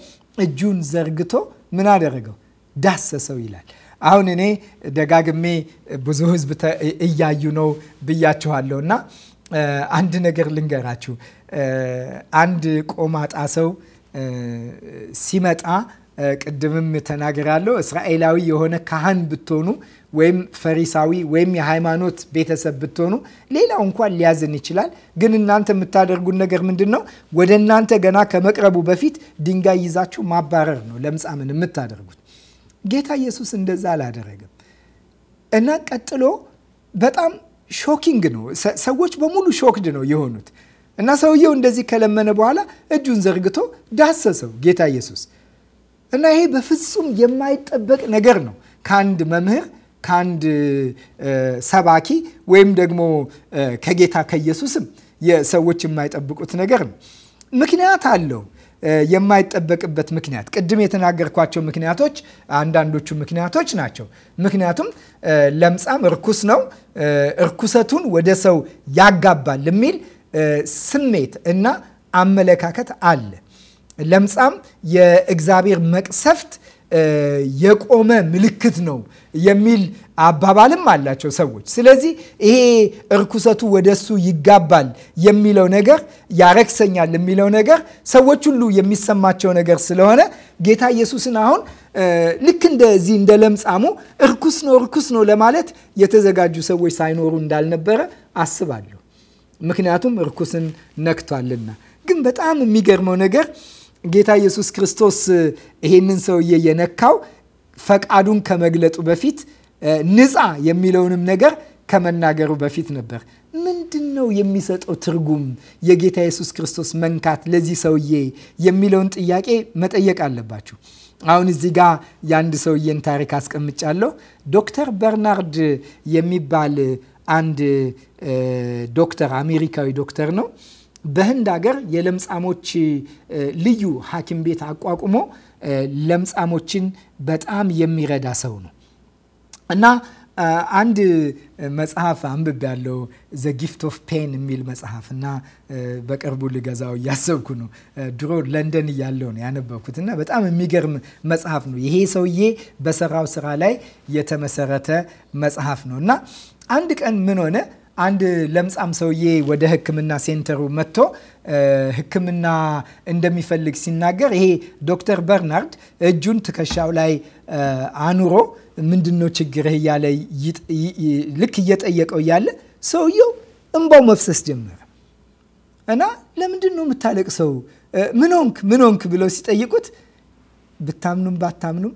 Speaker 1: እጁን ዘርግቶ ምን አደረገው ዳሰሰው ይላል። አሁን እኔ ደጋግሜ ብዙ ህዝብ እያዩ ነው ብያችኋለሁ እና አንድ ነገር ልንገራችሁ። አንድ ቆማጣ ሰው ሲመጣ ቅድምም ተናግራለሁ። እስራኤላዊ የሆነ ካህን ብትሆኑ ወይም ፈሪሳዊ ወይም የሃይማኖት ቤተሰብ ብትሆኑ ሌላው እንኳን ሊያዝን ይችላል። ግን እናንተ የምታደርጉት ነገር ምንድን ነው? ወደ እናንተ ገና ከመቅረቡ በፊት ድንጋይ ይዛችሁ ማባረር ነው ለምጻምን የምታደርጉት። ጌታ ኢየሱስ እንደዛ አላደረገም እና ቀጥሎ በጣም ሾኪንግ ነው። ሰዎች በሙሉ ሾክድ ነው የሆኑት እና ሰውየው እንደዚህ ከለመነ በኋላ እጁን ዘርግቶ ዳሰሰው ጌታ ኢየሱስ እና ይሄ በፍጹም የማይጠበቅ ነገር ነው ከአንድ መምህር ከአንድ ሰባኪ ወይም ደግሞ ከጌታ ከኢየሱስም የሰዎች የማይጠብቁት ነገር ነው። ምክንያት አለው። የማይጠበቅበት ምክንያት ቅድም የተናገርኳቸው ምክንያቶች አንዳንዶቹ ምክንያቶች ናቸው። ምክንያቱም ለምጻም እርኩስ ነው፣ እርኩሰቱን ወደ ሰው ያጋባል የሚል ስሜት እና አመለካከት አለ። ለምጻም የእግዚአብሔር መቅሰፍት የቆመ ምልክት ነው የሚል አባባልም አላቸው ሰዎች። ስለዚህ ይሄ እርኩሰቱ ወደሱ ይጋባል የሚለው ነገር ያረክሰኛል የሚለው ነገር ሰዎች ሁሉ የሚሰማቸው ነገር ስለሆነ ጌታ ኢየሱስን አሁን ልክ እንደዚህ እንደ ለምጻሙ እርኩስ ነው እርኩስ ነው ለማለት የተዘጋጁ ሰዎች ሳይኖሩ እንዳልነበረ አስባለሁ። ምክንያቱም እርኩስን ነክቷልና። ግን በጣም የሚገርመው ነገር ጌታ ኢየሱስ ክርስቶስ ይሄንን ሰውዬ የነካው ፈቃዱን ከመግለጡ በፊት ንፃ የሚለውንም ነገር ከመናገሩ በፊት ነበር። ምንድን ነው የሚሰጠው ትርጉም የጌታ ኢየሱስ ክርስቶስ መንካት ለዚህ ሰውዬ የሚለውን ጥያቄ መጠየቅ አለባችሁ። አሁን እዚህ ጋ የአንድ ሰውዬን ታሪክ አስቀምጫለሁ። ዶክተር በርናርድ የሚባል አንድ ዶክተር አሜሪካዊ ዶክተር ነው። በህንድ ሀገር የለምጻሞች ልዩ ሐኪም ቤት አቋቁሞ ለምጻሞችን በጣም የሚረዳ ሰው ነው እና አንድ መጽሐፍ አንብብ ያለው ዘ ጊፍት ኦፍ ፔን የሚል መጽሐፍ እና በቅርቡ ልገዛው እያሰብኩ ነው። ድሮ ለንደን እያለው ነው ያነበብኩት እና በጣም የሚገርም መጽሐፍ ነው። ይሄ ሰውዬ በሰራው ስራ ላይ የተመሰረተ መጽሐፍ ነው እና አንድ ቀን ምን ሆነ አንድ ለምጻም ሰውዬ ወደ ሕክምና ሴንተሩ መጥቶ ሕክምና እንደሚፈልግ ሲናገር ይሄ ዶክተር በርናርድ እጁን ትከሻው ላይ አኑሮ ምንድነው ችግርህ እያለ ልክ እየጠየቀው እያለ ሰውየው እንባው መፍሰስ ጀመረ እና ለምንድን ነው የምታለቅ ሰው ምን ሆንክ ምን ሆንክ ብለው ሲጠይቁት ብታምኑም ባታምኑም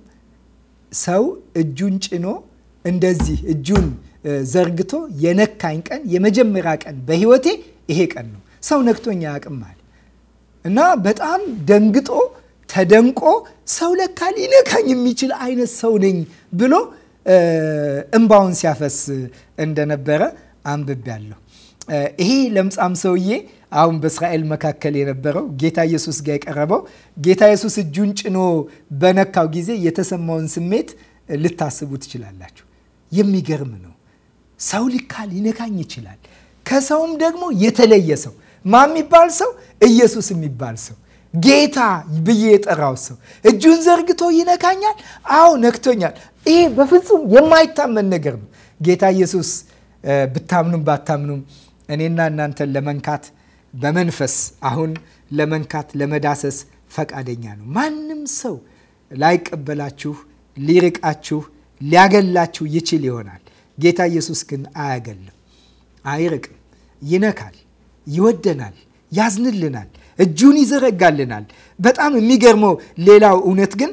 Speaker 1: ሰው እጁን ጭኖ እንደዚህ እጁን ዘርግቶ የነካኝ ቀን የመጀመሪያ ቀን በህይወቴ ይሄ ቀን ነው። ሰው ነክቶኛ ያቅማል እና በጣም ደንግጦ ተደንቆ ሰው ለካ ሊነካኝ የሚችል አይነት ሰው ነኝ ብሎ እምባውን ሲያፈስ እንደነበረ አንብቤያለሁ። ይሄ ለምጻም ሰውዬ አሁን በእስራኤል መካከል የነበረው ጌታ ኢየሱስ ጋር የቀረበው ጌታ ኢየሱስ እጁን ጭኖ በነካው ጊዜ የተሰማውን ስሜት ልታስቡ ትችላላችሁ። የሚገርም ነው። ሰው ልካል ሊነካኝ ይችላል። ከሰውም ደግሞ የተለየ ሰው ማ የሚባል ሰው? ኢየሱስ የሚባል ሰው ጌታ ብዬ የጠራው ሰው እጁን ዘርግቶ ይነካኛል። አዎ ነክቶኛል። ይሄ በፍጹም የማይታመን ነገር ነው። ጌታ ኢየሱስ ብታምኑም ባታምኑም እኔና እናንተን ለመንካት በመንፈስ አሁን ለመንካት ለመዳሰስ ፈቃደኛ ነው። ማንም ሰው ላይቀበላችሁ፣ ሊርቃችሁ፣ ሊያገላችሁ ይችል ይሆናል ጌታ ኢየሱስ ግን አያገልም፣ አይርቅም፣ ይነካል፣ ይወደናል፣ ያዝንልናል፣ እጁን ይዘረጋልናል። በጣም የሚገርመው ሌላው እውነት ግን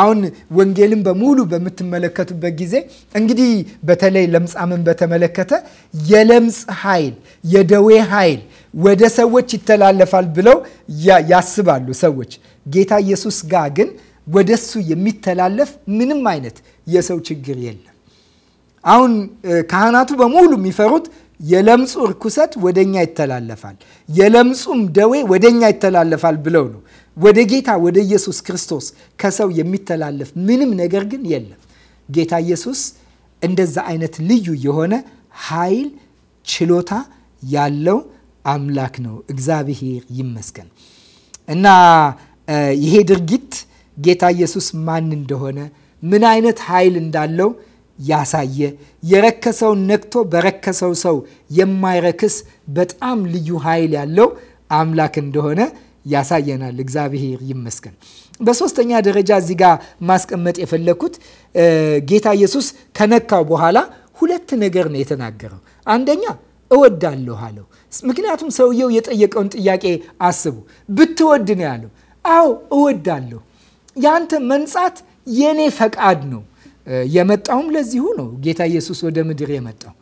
Speaker 1: አሁን ወንጌልን በሙሉ በምትመለከቱበት ጊዜ እንግዲህ በተለይ ለምጻምን በተመለከተ የለምጽ ኃይል፣ የደዌ ኃይል ወደ ሰዎች ይተላለፋል ብለው ያስባሉ ሰዎች። ጌታ ኢየሱስ ጋር ግን ወደሱ የሚተላለፍ ምንም አይነት የሰው ችግር የለም። አሁን ካህናቱ በሙሉ የሚፈሩት የለምጹ እርኩሰት ወደኛ ይተላለፋል፣ የለምጹም ደዌ ወደኛ ይተላለፋል ብለው ነው። ወደ ጌታ ወደ ኢየሱስ ክርስቶስ ከሰው የሚተላለፍ ምንም ነገር ግን የለም። ጌታ ኢየሱስ እንደዛ አይነት ልዩ የሆነ ኃይል፣ ችሎታ ያለው አምላክ ነው። እግዚአብሔር ይመስገን እና ይሄ ድርጊት ጌታ ኢየሱስ ማን እንደሆነ ምን አይነት ኃይል እንዳለው ያሳየ የረከሰውን ነክቶ በረከሰው ሰው የማይረክስ በጣም ልዩ ኃይል ያለው አምላክ እንደሆነ ያሳየናል። እግዚአብሔር ይመስገን። በሶስተኛ ደረጃ እዚህ ጋር ማስቀመጥ የፈለግኩት ጌታ ኢየሱስ ከነካው በኋላ ሁለት ነገር ነው የተናገረው። አንደኛ እወዳለሁ አለው። ምክንያቱም ሰውየው የጠየቀውን ጥያቄ አስቡ። ብትወድ ነው ያለው። አዎ እወዳለሁ። ያንተ መንጻት የኔ ፈቃድ ነው የመጣውም ለዚሁ ነው። ጌታ ኢየሱስ ወደ ምድር የመጣው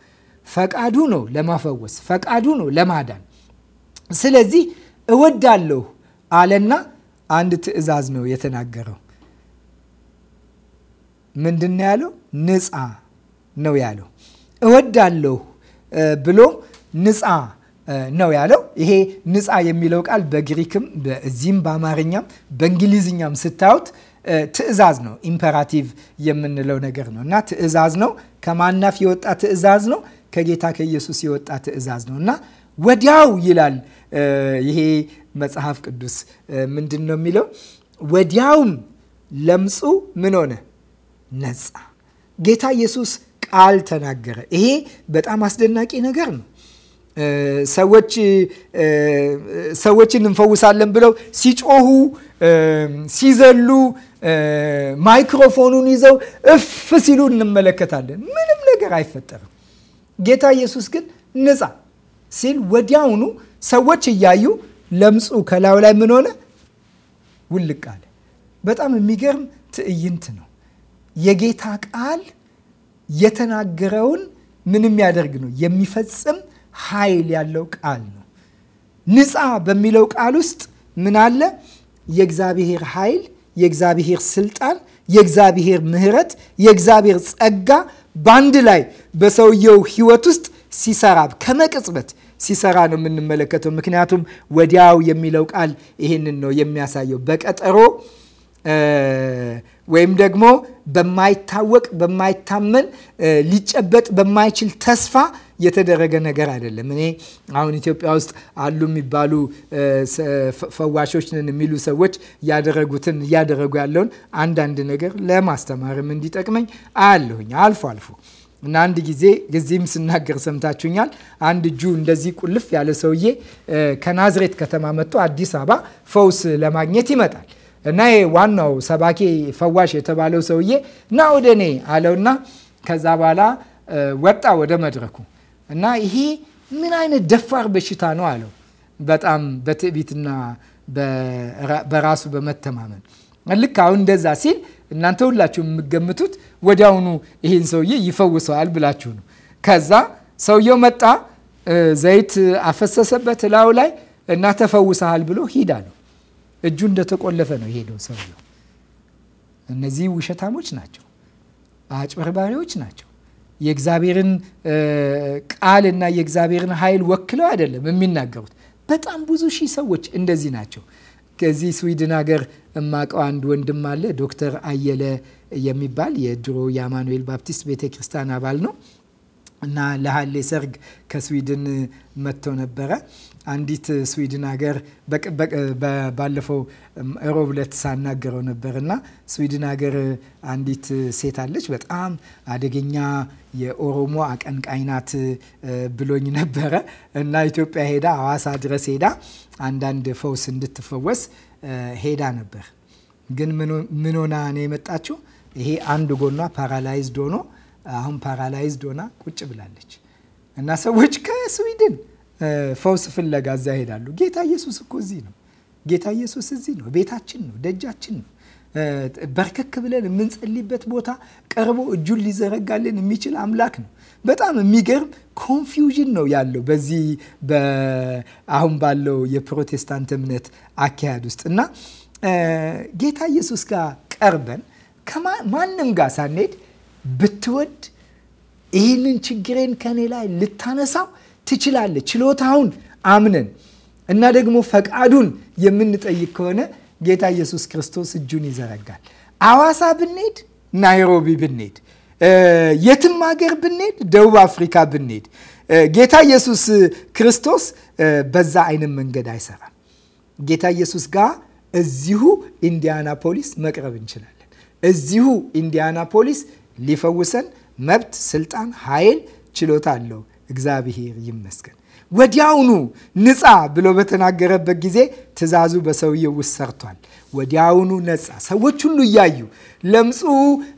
Speaker 1: ፈቃዱ ነው ለማፈወስ፣ ፈቃዱ ነው ለማዳን። ስለዚህ እወዳለሁ አለና አንድ ትእዛዝ ነው የተናገረው። ምንድን ያለው? ንጻ ነው ያለው። እወዳለሁ ብሎ ንጻ ነው ያለው። ይሄ ንጻ የሚለው ቃል በግሪክም በዚህም በአማርኛም በእንግሊዝኛም ስታዩት ትእዛዝ ነው። ኢምፐራቲቭ የምንለው ነገር ነው እና ትእዛዝ ነው። ከማናፍ የወጣ ትእዛዝ ነው። ከጌታ ከኢየሱስ የወጣ ትእዛዝ ነው እና ወዲያው ይላል ይሄ መጽሐፍ ቅዱስ ምንድን ነው የሚለው? ወዲያውም ለምጹ ምን ሆነ? ነጻ። ጌታ ኢየሱስ ቃል ተናገረ። ይሄ በጣም አስደናቂ ነገር ነው። ሰዎች ሰዎችን እንፈውሳለን ብለው ሲጮሁ፣ ሲዘሉ፣ ማይክሮፎኑን ይዘው እፍ ሲሉ እንመለከታለን። ምንም ነገር አይፈጠርም። ጌታ ኢየሱስ ግን ንጻ ሲል ወዲያውኑ ሰዎች እያዩ ለምጹ ከላዩ ላይ ምን ሆነ? ውልቅ አለ። በጣም የሚገርም ትዕይንት ነው። የጌታ ቃል የተናገረውን ምንም ያደርግ ነው የሚፈጽም ኃይል ያለው ቃል ነው። ንጻ በሚለው ቃል ውስጥ ምን አለ? የእግዚአብሔር ኃይል፣ የእግዚአብሔር ስልጣን፣ የእግዚአብሔር ምሕረት፣ የእግዚአብሔር ጸጋ በአንድ ላይ በሰውየው ህይወት ውስጥ ሲሰራ ከመቅጽበት ሲሰራ ነው የምንመለከተው። ምክንያቱም ወዲያው የሚለው ቃል ይህንን ነው የሚያሳየው። በቀጠሮ ወይም ደግሞ በማይታወቅ በማይታመን ሊጨበጥ በማይችል ተስፋ የተደረገ ነገር አይደለም። እኔ አሁን ኢትዮጵያ ውስጥ አሉ የሚባሉ ፈዋሾች ነን የሚሉ ሰዎች ያደረጉትን እያደረጉ ያለውን አንዳንድ ነገር ለማስተማርም እንዲጠቅመኝ አያለሁኝ አልፎ አልፎ እና አንድ ጊዜ ጊዜም ስናገር ሰምታችሁኛል። አንድ እጁ እንደዚህ ቁልፍ ያለ ሰውዬ ከናዝሬት ከተማ መጥቶ አዲስ አበባ ፈውስ ለማግኘት ይመጣል እና ዋናው ሰባኬ ፈዋሽ የተባለው ሰውዬ ና ወደ እኔ አለውና ከዛ በኋላ ወጣ ወደ መድረኩ እና ይሄ ምን አይነት ደፋር በሽታ ነው አለው። በጣም በትዕቢትና በራሱ በመተማመን ልክ አሁን እንደዛ ሲል እናንተ ሁላችሁ የምገምቱት ወዲያውኑ ይህን ሰውዬ ይፈውሰዋል ብላችሁ ነው። ከዛ ሰውየው መጣ፣ ዘይት አፈሰሰበት ላዩ ላይ እና ተፈውሰሃል ብሎ ሂድ አለው። እጁ እንደተቆለፈ ነው የሄደው ሰውየው። እነዚህ ውሸታሞች ናቸው፣ አጭበርባሪዎች ናቸው። የእግዚአብሔርን ቃል እና የእግዚአብሔርን ኃይል ወክለው አይደለም የሚናገሩት። በጣም ብዙ ሺህ ሰዎች እንደዚህ ናቸው። ከዚህ ስዊድን ሀገር እማቀው አንድ ወንድም አለ። ዶክተር አየለ የሚባል የድሮ የአማኑኤል ባፕቲስት ቤተክርስቲያን አባል ነው እና ለሀሌ ሰርግ ከስዊድን መጥተው ነበረ አንዲት ስዊድን ሀገር ባለፈው እሮብ ዕለት ሳናገረው ነበር እና ስዊድን ሀገር አንዲት ሴት አለች። በጣም አደገኛ የኦሮሞ አቀንቃኝ ናት ብሎኝ ነበረ እና ኢትዮጵያ ሄዳ ሐዋሳ ድረስ ሄዳ አንዳንድ ፈውስ እንድትፈወስ ሄዳ ነበር። ግን ምን ሆና ነው የመጣችው? ይሄ አንድ ጎኗ ፓራላይዝድ ሆኖ አሁን ፓራላይዝድ ሆና ቁጭ ብላለች እና ሰዎች ከስዊድን ፈውስ ፍለጋ እዛ ይሄዳሉ። ጌታ ኢየሱስ እኮ እዚህ ነው። ጌታ ኢየሱስ እዚህ ነው። ቤታችን ነው፣ ደጃችን ነው። በርከክ ብለን የምንጸልይበት ቦታ ቀርቦ እጁን ሊዘረጋልን የሚችል አምላክ ነው። በጣም የሚገርም ኮንፊውዥን ነው ያለው በዚህ አሁን ባለው የፕሮቴስታንት እምነት አካሄድ ውስጥ እና ጌታ ኢየሱስ ጋር ቀርበን ከማንም ጋር ሳንሄድ ብትወድ ይህንን ችግሬን ከኔ ላይ ልታነሳው ትችላለህ። ችሎታውን አምነን እና ደግሞ ፈቃዱን የምንጠይቅ ከሆነ ጌታ ኢየሱስ ክርስቶስ እጁን ይዘረጋል። አዋሳ ብንሄድ፣ ናይሮቢ ብንሄድ፣ የትም ሀገር ብንሄድ፣ ደቡብ አፍሪካ ብንሄድ ጌታ ኢየሱስ ክርስቶስ በዛ አይነት መንገድ አይሰራም። ጌታ ኢየሱስ ጋር እዚሁ ኢንዲያናፖሊስ መቅረብ እንችላለን። እዚሁ ኢንዲያናፖሊስ ሊፈውሰን መብት፣ ስልጣን፣ ኃይል፣ ችሎታ አለው። እግዚአብሔር ይመስገን። ወዲያውኑ ንጻ ብሎ በተናገረበት ጊዜ ትእዛዙ በሰውየው ውስጥ ሰርቷል። ወዲያውኑ ነጻ። ሰዎች ሁሉ እያዩ ለምጹ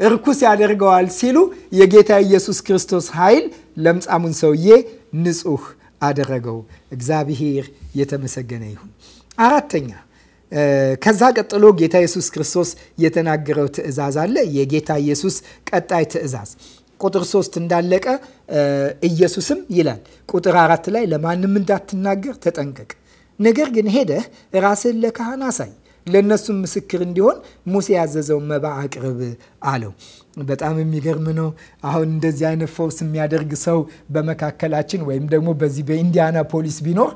Speaker 1: እርኩስ ያደርገዋል ሲሉ የጌታ ኢየሱስ ክርስቶስ ኃይል ለምጻሙን ሰውዬ ንጹህ አደረገው። እግዚአብሔር የተመሰገነ ይሁን። አራተኛ ከዛ ቀጥሎ ጌታ ኢየሱስ ክርስቶስ የተናገረው ትእዛዝ አለ። የጌታ ኢየሱስ ቀጣይ ትእዛዝ ቁጥር ሶስት እንዳለቀ ኢየሱስም ይላል ቁጥር አራት ላይ ለማንም እንዳትናገር ተጠንቀቅ፣ ነገር ግን ሄደህ ራስህን ለካህን አሳይ ለእነሱም ምስክር እንዲሆን ሙሴ ያዘዘውን መባ አቅርብ አለው። በጣም የሚገርም ነው። አሁን እንደዚህ አይነት ፈውስ የሚያደርግ ሰው በመካከላችን ወይም ደግሞ በዚህ በኢንዲያና ፖሊስ ቢኖር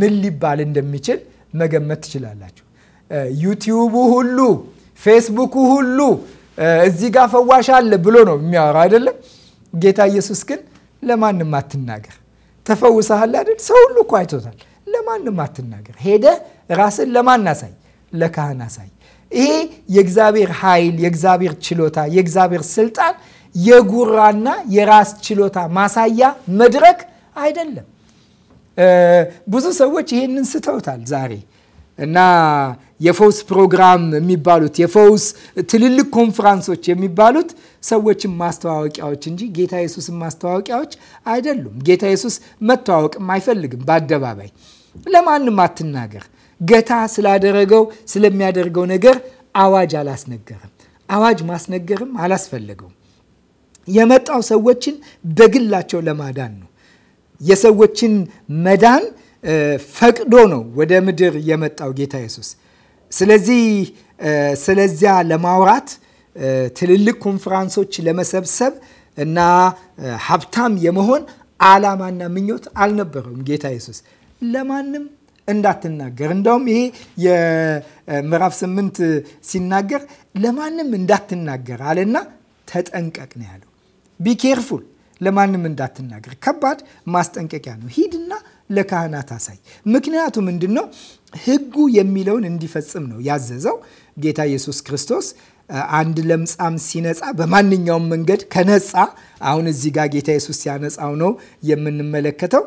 Speaker 1: ምን ሊባል እንደሚችል መገመት ትችላላችሁ። ዩቲዩቡ ሁሉ ፌስቡኩ ሁሉ እዚህ ጋር ፈዋሽ አለ ብሎ ነው የሚያወራው አይደለም። ጌታ ኢየሱስ ግን ለማንም አትናገር፣ ተፈውሰሃል አይደል? ሰው ሁሉ እኮ አይቶታል። ለማንም አትናገር፣ ሄደህ ራስን ለማን አሳይ? ለካህን አሳይ። ይሄ የእግዚአብሔር ኃይል፣ የእግዚአብሔር ችሎታ፣ የእግዚአብሔር ስልጣን የጉራና የራስ ችሎታ ማሳያ መድረክ አይደለም። ብዙ ሰዎች ይህንን ስተውታል ዛሬ እና የፈውስ ፕሮግራም የሚባሉት የፈውስ ትልልቅ ኮንፍራንሶች የሚባሉት ሰዎችን ማስተዋወቂያዎች እንጂ ጌታ ኢየሱስን ማስተዋወቂያዎች አይደሉም። ጌታ ኢየሱስ መተዋወቅም አይፈልግም። በአደባባይ ለማንም አትናገር። ጌታ ስላደረገው ስለሚያደርገው ነገር አዋጅ አላስነገርም። አዋጅ ማስነገርም አላስፈለገውም። የመጣው ሰዎችን በግላቸው ለማዳን ነው። የሰዎችን መዳን ፈቅዶ ነው ወደ ምድር የመጣው ጌታ ኢየሱስ። ስለዚህ ስለዚያ ለማውራት ትልልቅ ኮንፈራንሶች ለመሰብሰብ እና ሀብታም የመሆን ዓላማና ምኞት አልነበረውም ጌታ ኢየሱስ ለማንም እንዳትናገር እንደውም ይሄ የምዕራፍ ስምንት ሲናገር ለማንም እንዳትናገር አለና ተጠንቀቅ ነው ያለው ቢኬርፉል ለማንም እንዳትናገር ከባድ ማስጠንቀቂያ ነው ሂድና ለካህናት አሳይ። ምክንያቱ ምንድን ነው? ህጉ የሚለውን እንዲፈጽም ነው ያዘዘው ጌታ ኢየሱስ ክርስቶስ አንድ ለምጻም ሲነጻ በማንኛውም መንገድ ከነጻ አሁን እዚህ ጋር ጌታ ኢየሱስ ሲያነጻው ነው የምንመለከተው።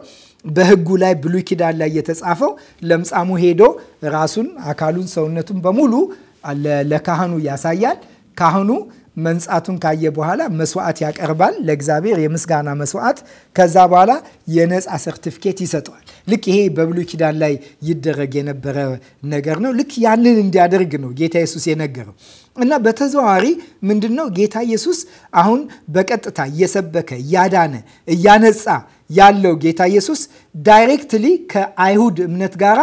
Speaker 1: በህጉ ላይ ብሉይ ኪዳን ላይ የተጻፈው ለምጻሙ ሄዶ ራሱን፣ አካሉን፣ ሰውነቱን በሙሉ ለካህኑ ያሳያል። ካህኑ መንጻቱን ካየ በኋላ መስዋዕት ያቀርባል ለእግዚአብሔር የምስጋና መስዋዕት። ከዛ በኋላ የነፃ ሰርቲፊኬት ይሰጠዋል። ልክ ይሄ በብሉይ ኪዳን ላይ ይደረግ የነበረ ነገር ነው። ልክ ያንን እንዲያደርግ ነው ጌታ ኢየሱስ የነገረው እና በተዘዋዋሪ ምንድን ነው ጌታ ኢየሱስ አሁን በቀጥታ እየሰበከ እያዳነ እያነጻ ያለው ጌታ ኢየሱስ ዳይሬክትሊ ከአይሁድ እምነት ጋር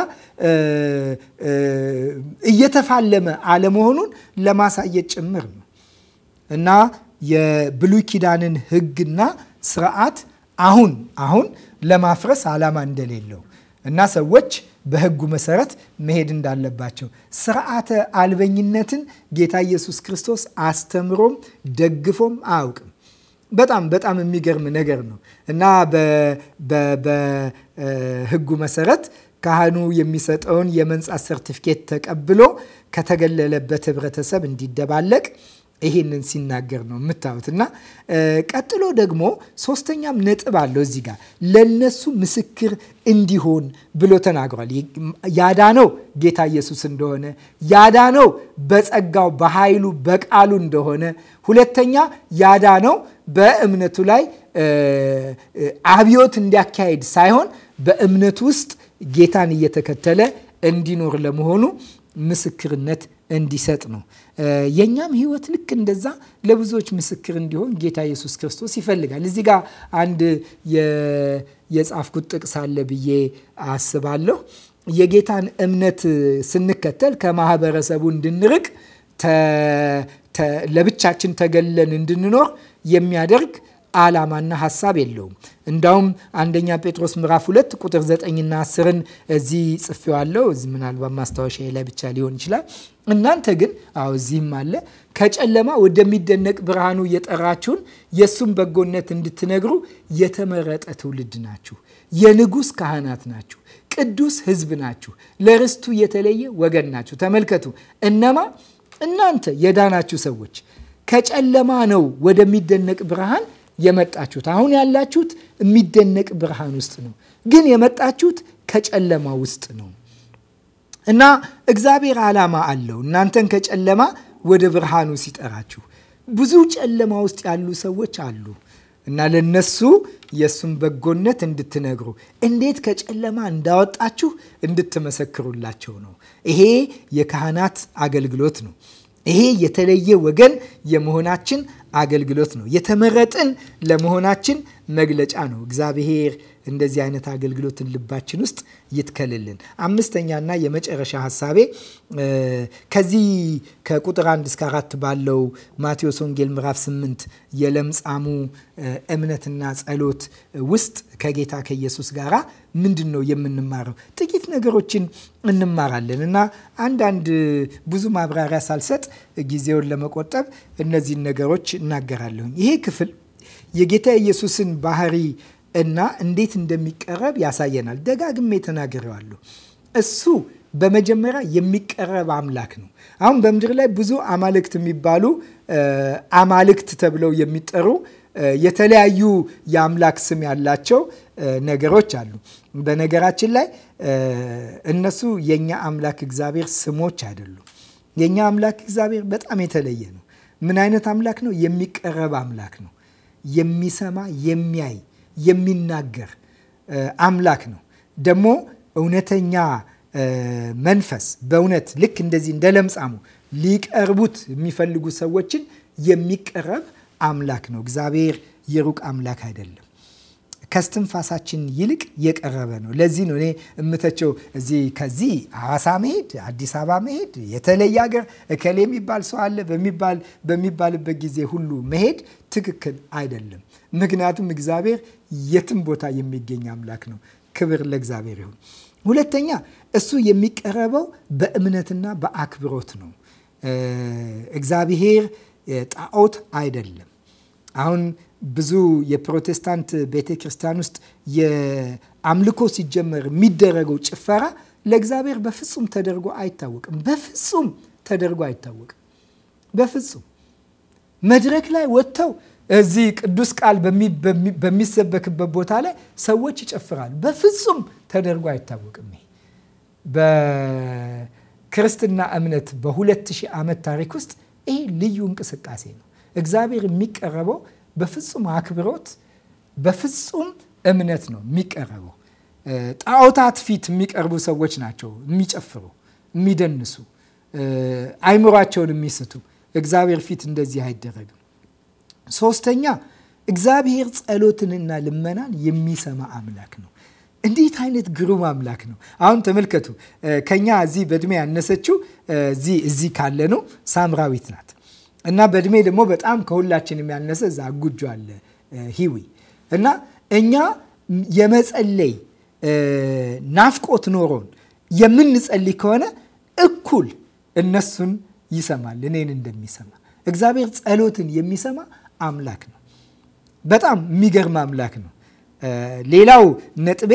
Speaker 1: እየተፋለመ አለመሆኑን ለማሳየት ጭምር ነው። እና የብሉይ ኪዳንን ህግና ስርዓት አሁን አሁን ለማፍረስ ዓላማ እንደሌለው እና ሰዎች በህጉ መሰረት መሄድ እንዳለባቸው ስርዓተ አልበኝነትን ጌታ ኢየሱስ ክርስቶስ አስተምሮም ደግፎም አያውቅም። በጣም በጣም የሚገርም ነገር ነው እና በህጉ መሰረት ካህኑ የሚሰጠውን የመንጻት ሰርቲፊኬት ተቀብሎ ከተገለለበት ህብረተሰብ እንዲደባለቅ ይሄንን ሲናገር ነው የምታዩት። እና ቀጥሎ ደግሞ ሶስተኛም ነጥብ አለው እዚህ ጋር ለነሱ ምስክር እንዲሆን ብሎ ተናግሯል። ያዳነው ጌታ ኢየሱስ እንደሆነ፣ ያዳነው በጸጋው በኃይሉ በቃሉ እንደሆነ፣ ሁለተኛ ያዳነው በእምነቱ ላይ አብዮት እንዲያካሄድ ሳይሆን በእምነቱ ውስጥ ጌታን እየተከተለ እንዲኖር ለመሆኑ ምስክርነት እንዲሰጥ ነው። የእኛም ህይወት ልክ እንደዛ ለብዙዎች ምስክር እንዲሆን ጌታ ኢየሱስ ክርስቶስ ይፈልጋል። እዚህ ጋር አንድ የጻፍኩት ጥቅስ አለ ብዬ አስባለሁ። የጌታን እምነት ስንከተል ከማህበረሰቡ እንድንርቅ ለብቻችን ተገልለን እንድንኖር የሚያደርግ ዓላማና ሀሳብ የለውም። እንዳውም አንደኛ ጴጥሮስ ምዕራፍ ሁለት ቁጥር ዘጠኝና አስርን እዚህ ጽፌዋለሁ። እዚህ ምናልባት ማስታወሻ ላይ ብቻ ሊሆን ይችላል። እናንተ ግን አዎ እዚህም አለ ከጨለማ ወደሚደነቅ ብርሃኑ የጠራችሁን የእሱም በጎነት እንድትነግሩ የተመረጠ ትውልድ ናችሁ፣ የንጉሥ ካህናት ናችሁ፣ ቅዱስ ሕዝብ ናችሁ፣ ለርስቱ የተለየ ወገን ናችሁ። ተመልከቱ እነማ እናንተ የዳናችሁ ሰዎች ከጨለማ ነው ወደሚደነቅ ብርሃን የመጣችሁት። አሁን ያላችሁት የሚደነቅ ብርሃን ውስጥ ነው፣ ግን የመጣችሁት ከጨለማ ውስጥ ነው እና እግዚአብሔር ዓላማ አለው እናንተን ከጨለማ ወደ ብርሃኑ ሲጠራችሁ። ብዙ ጨለማ ውስጥ ያሉ ሰዎች አሉ እና ለነሱ የእሱን በጎነት እንድትነግሩ እንዴት ከጨለማ እንዳወጣችሁ እንድትመሰክሩላቸው ነው። ይሄ የካህናት አገልግሎት ነው። ይሄ የተለየ ወገን የመሆናችን አገልግሎት ነው። የተመረጥን ለመሆናችን መግለጫ ነው። እግዚአብሔር እንደዚህ አይነት አገልግሎትን ልባችን ውስጥ ይትከልልን። አምስተኛና የመጨረሻ ሀሳቤ ከዚህ ከቁጥር አንድ እስከ አራት ባለው ማቴዎስ ወንጌል ምዕራፍ ስምንት የለምጻሙ እምነትና ጸሎት ውስጥ ከጌታ ከኢየሱስ ጋር ምንድን ነው የምንማረው? ጥቂት ነገሮችን እንማራለን እና አንዳንድ ብዙ ማብራሪያ ሳልሰጥ ጊዜውን ለመቆጠብ እነዚህን ነገሮች እናገራለሁኝ። ይሄ ክፍል የጌታ ኢየሱስን ባህሪ እና እንዴት እንደሚቀረብ ያሳየናል። ደጋግሜ ተናግሬዋለሁ። እሱ በመጀመሪያ የሚቀረብ አምላክ ነው። አሁን በምድር ላይ ብዙ አማልክት የሚባሉ አማልክት ተብለው የሚጠሩ የተለያዩ የአምላክ ስም ያላቸው ነገሮች አሉ። በነገራችን ላይ እነሱ የእኛ አምላክ እግዚአብሔር ስሞች አይደሉም። የእኛ አምላክ እግዚአብሔር በጣም የተለየ ነው። ምን አይነት አምላክ ነው? የሚቀረብ አምላክ ነው። የሚሰማ የሚያይ የሚናገር አምላክ ነው። ደግሞ እውነተኛ መንፈስ በእውነት ልክ እንደዚህ እንደ ለምጻሙ ሊቀርቡት የሚፈልጉ ሰዎችን የሚቀረብ አምላክ ነው። እግዚአብሔር የሩቅ አምላክ አይደለም። ከስትንፋሳችን ይልቅ የቀረበ ነው። ለዚህ ነው እኔ የምተቸው እዚህ ከዚህ ሐዋሳ መሄድ፣ አዲስ አበባ መሄድ፣ የተለየ ሀገር እከሌ የሚባል ሰው አለ በሚባል በሚባልበት ጊዜ ሁሉ መሄድ ትክክል አይደለም። ምክንያቱም እግዚአብሔር የትም ቦታ የሚገኝ አምላክ ነው። ክብር ለእግዚአብሔር ይሁን። ሁለተኛ እሱ የሚቀረበው በእምነትና በአክብሮት ነው። እግዚአብሔር ጣዖት አይደለም። አሁን ብዙ የፕሮቴስታንት ቤተ ክርስቲያን ውስጥ የአምልኮ ሲጀመር የሚደረገው ጭፈራ ለእግዚአብሔር በፍጹም ተደርጎ አይታወቅም። በፍጹም ተደርጎ አይታወቅም። በፍጹም መድረክ ላይ ወጥተው እዚህ ቅዱስ ቃል በሚሰበክበት ቦታ ላይ ሰዎች ይጨፍራሉ። በፍጹም ተደርጎ አይታወቅም። በክርስትና እምነት በ 2000 ዓመት ታሪክ ውስጥ ይሄ ልዩ እንቅስቃሴ ነው። እግዚአብሔር የሚቀረበው በፍጹም አክብሮት፣ በፍጹም እምነት ነው የሚቀረበው። ጣዖታት ፊት የሚቀርቡ ሰዎች ናቸው የሚጨፍሩ፣ የሚደንሱ፣ አይምሯቸውን የሚስቱ። እግዚአብሔር ፊት እንደዚህ አይደረግም። ሶስተኛ እግዚአብሔር ጸሎትንና ልመናን የሚሰማ አምላክ ነው። እንዴት አይነት ግሩም አምላክ ነው! አሁን ተመልከቱ። ከኛ እዚህ በእድሜ ያነሰችው እዚህ ካለ ነው ሳምራዊት ናት። እና በእድሜ ደግሞ በጣም ከሁላችን የሚያነሰ እዛ ጉጆ አለ ሂዊ እና እኛ የመጸለይ ናፍቆት ኖሮን የምንጸልይ ከሆነ እኩል እነሱን ይሰማል፣ እኔን እንደሚሰማ እግዚአብሔር ጸሎትን የሚሰማ አምላክ ነው። በጣም የሚገርም አምላክ ነው። ሌላው ነጥቤ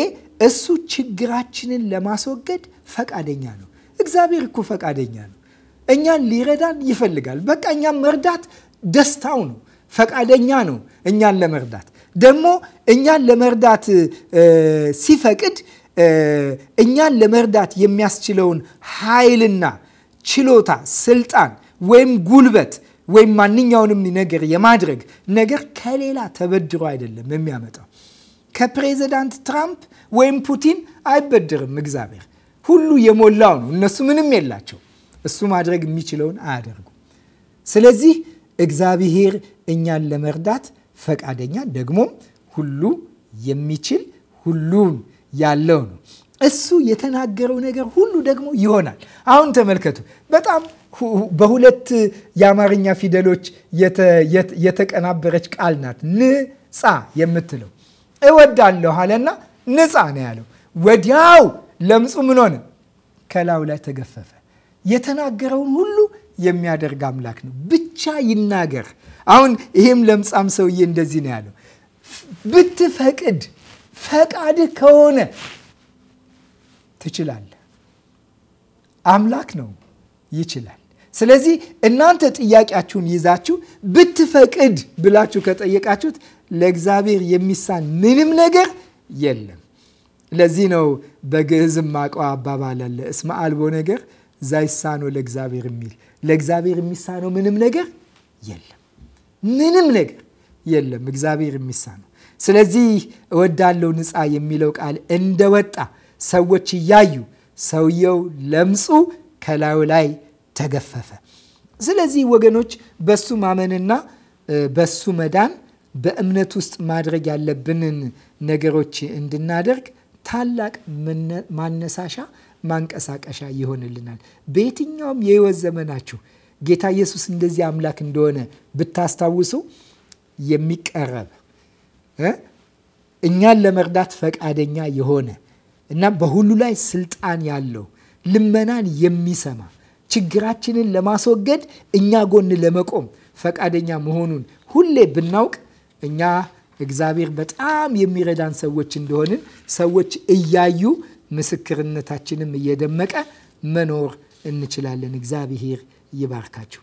Speaker 1: እሱ ችግራችንን ለማስወገድ ፈቃደኛ ነው። እግዚአብሔር እኮ ፈቃደኛ ነው። እኛን ሊረዳን ይፈልጋል። በቃ እኛም መርዳት ደስታው ነው። ፈቃደኛ ነው እኛን ለመርዳት። ደግሞ እኛን ለመርዳት ሲፈቅድ እኛን ለመርዳት የሚያስችለውን ኃይልና ችሎታ፣ ስልጣን ወይም ጉልበት ወይም ማንኛውንም ነገር የማድረግ ነገር ከሌላ ተበድሮ አይደለም የሚያመጣው። ከፕሬዚዳንት ትራምፕ ወይም ፑቲን አይበድርም እግዚአብሔር። ሁሉ የሞላው ነው። እነሱ ምንም የላቸው እሱ ማድረግ የሚችለውን አያደርጉም። ስለዚህ እግዚአብሔር እኛን ለመርዳት ፈቃደኛ ደግሞም ሁሉ የሚችል ሁሉን ያለው ነው። እሱ የተናገረው ነገር ሁሉ ደግሞ ይሆናል። አሁን ተመልከቱ። በጣም በሁለት የአማርኛ ፊደሎች የተቀናበረች ቃል ናት። ንጻ የምትለው እወዳለሁ አለና ንጻ ነው ያለው። ወዲያው ለምጹ ምን ሆነ? ከላዩ ላይ ተገፈፈ። የተናገረውን ሁሉ የሚያደርግ አምላክ ነው። ብቻ ይናገር። አሁን ይህም ለምጻም ሰውዬ እንደዚህ ነው ያለው፣ ብትፈቅድ ፈቃድህ ከሆነ ትችላለህ። አምላክ ነው ይችላል። ስለዚህ እናንተ ጥያቄያችሁን ይዛችሁ ብትፈቅድ ብላችሁ ከጠየቃችሁት ለእግዚአብሔር የሚሳን ምንም ነገር የለም። ለዚህ ነው በግዕዝም ማቀው አባባል አለ፣ እስመ አልቦ ነገር ዛይሳነው ለእግዚአብሔር የሚል ለእግዚአብሔር የሚሳነው ምንም ነገር የለም። ምንም ነገር የለም እግዚአብሔር የሚሳነው። ስለዚህ እወዳለው ንጻ የሚለው ቃል እንደወጣ ሰዎች እያዩ ሰውየው ለምጹ ከላዩ ላይ ተገፈፈ። ስለዚህ ወገኖች በሱ ማመንና በሱ መዳን በእምነት ውስጥ ማድረግ ያለብንን ነገሮች እንድናደርግ ታላቅ ማነሳሻ ማንቀሳቀሻ ይሆንልናል። በየትኛውም የህይወት ዘመናችሁ ጌታ ኢየሱስ እንደዚህ አምላክ እንደሆነ ብታስታውሱ የሚቀረብ እኛን ለመርዳት ፈቃደኛ የሆነ እና በሁሉ ላይ ስልጣን ያለው ልመናን የሚሰማ ችግራችንን ለማስወገድ እኛ ጎን ለመቆም ፈቃደኛ መሆኑን ሁሌ ብናውቅ እኛ እግዚአብሔር በጣም የሚረዳን ሰዎች እንደሆንን ሰዎች እያዩ ምስክርነታችንም እየደመቀ መኖር እንችላለን። እግዚአብሔር ይባርካችሁ።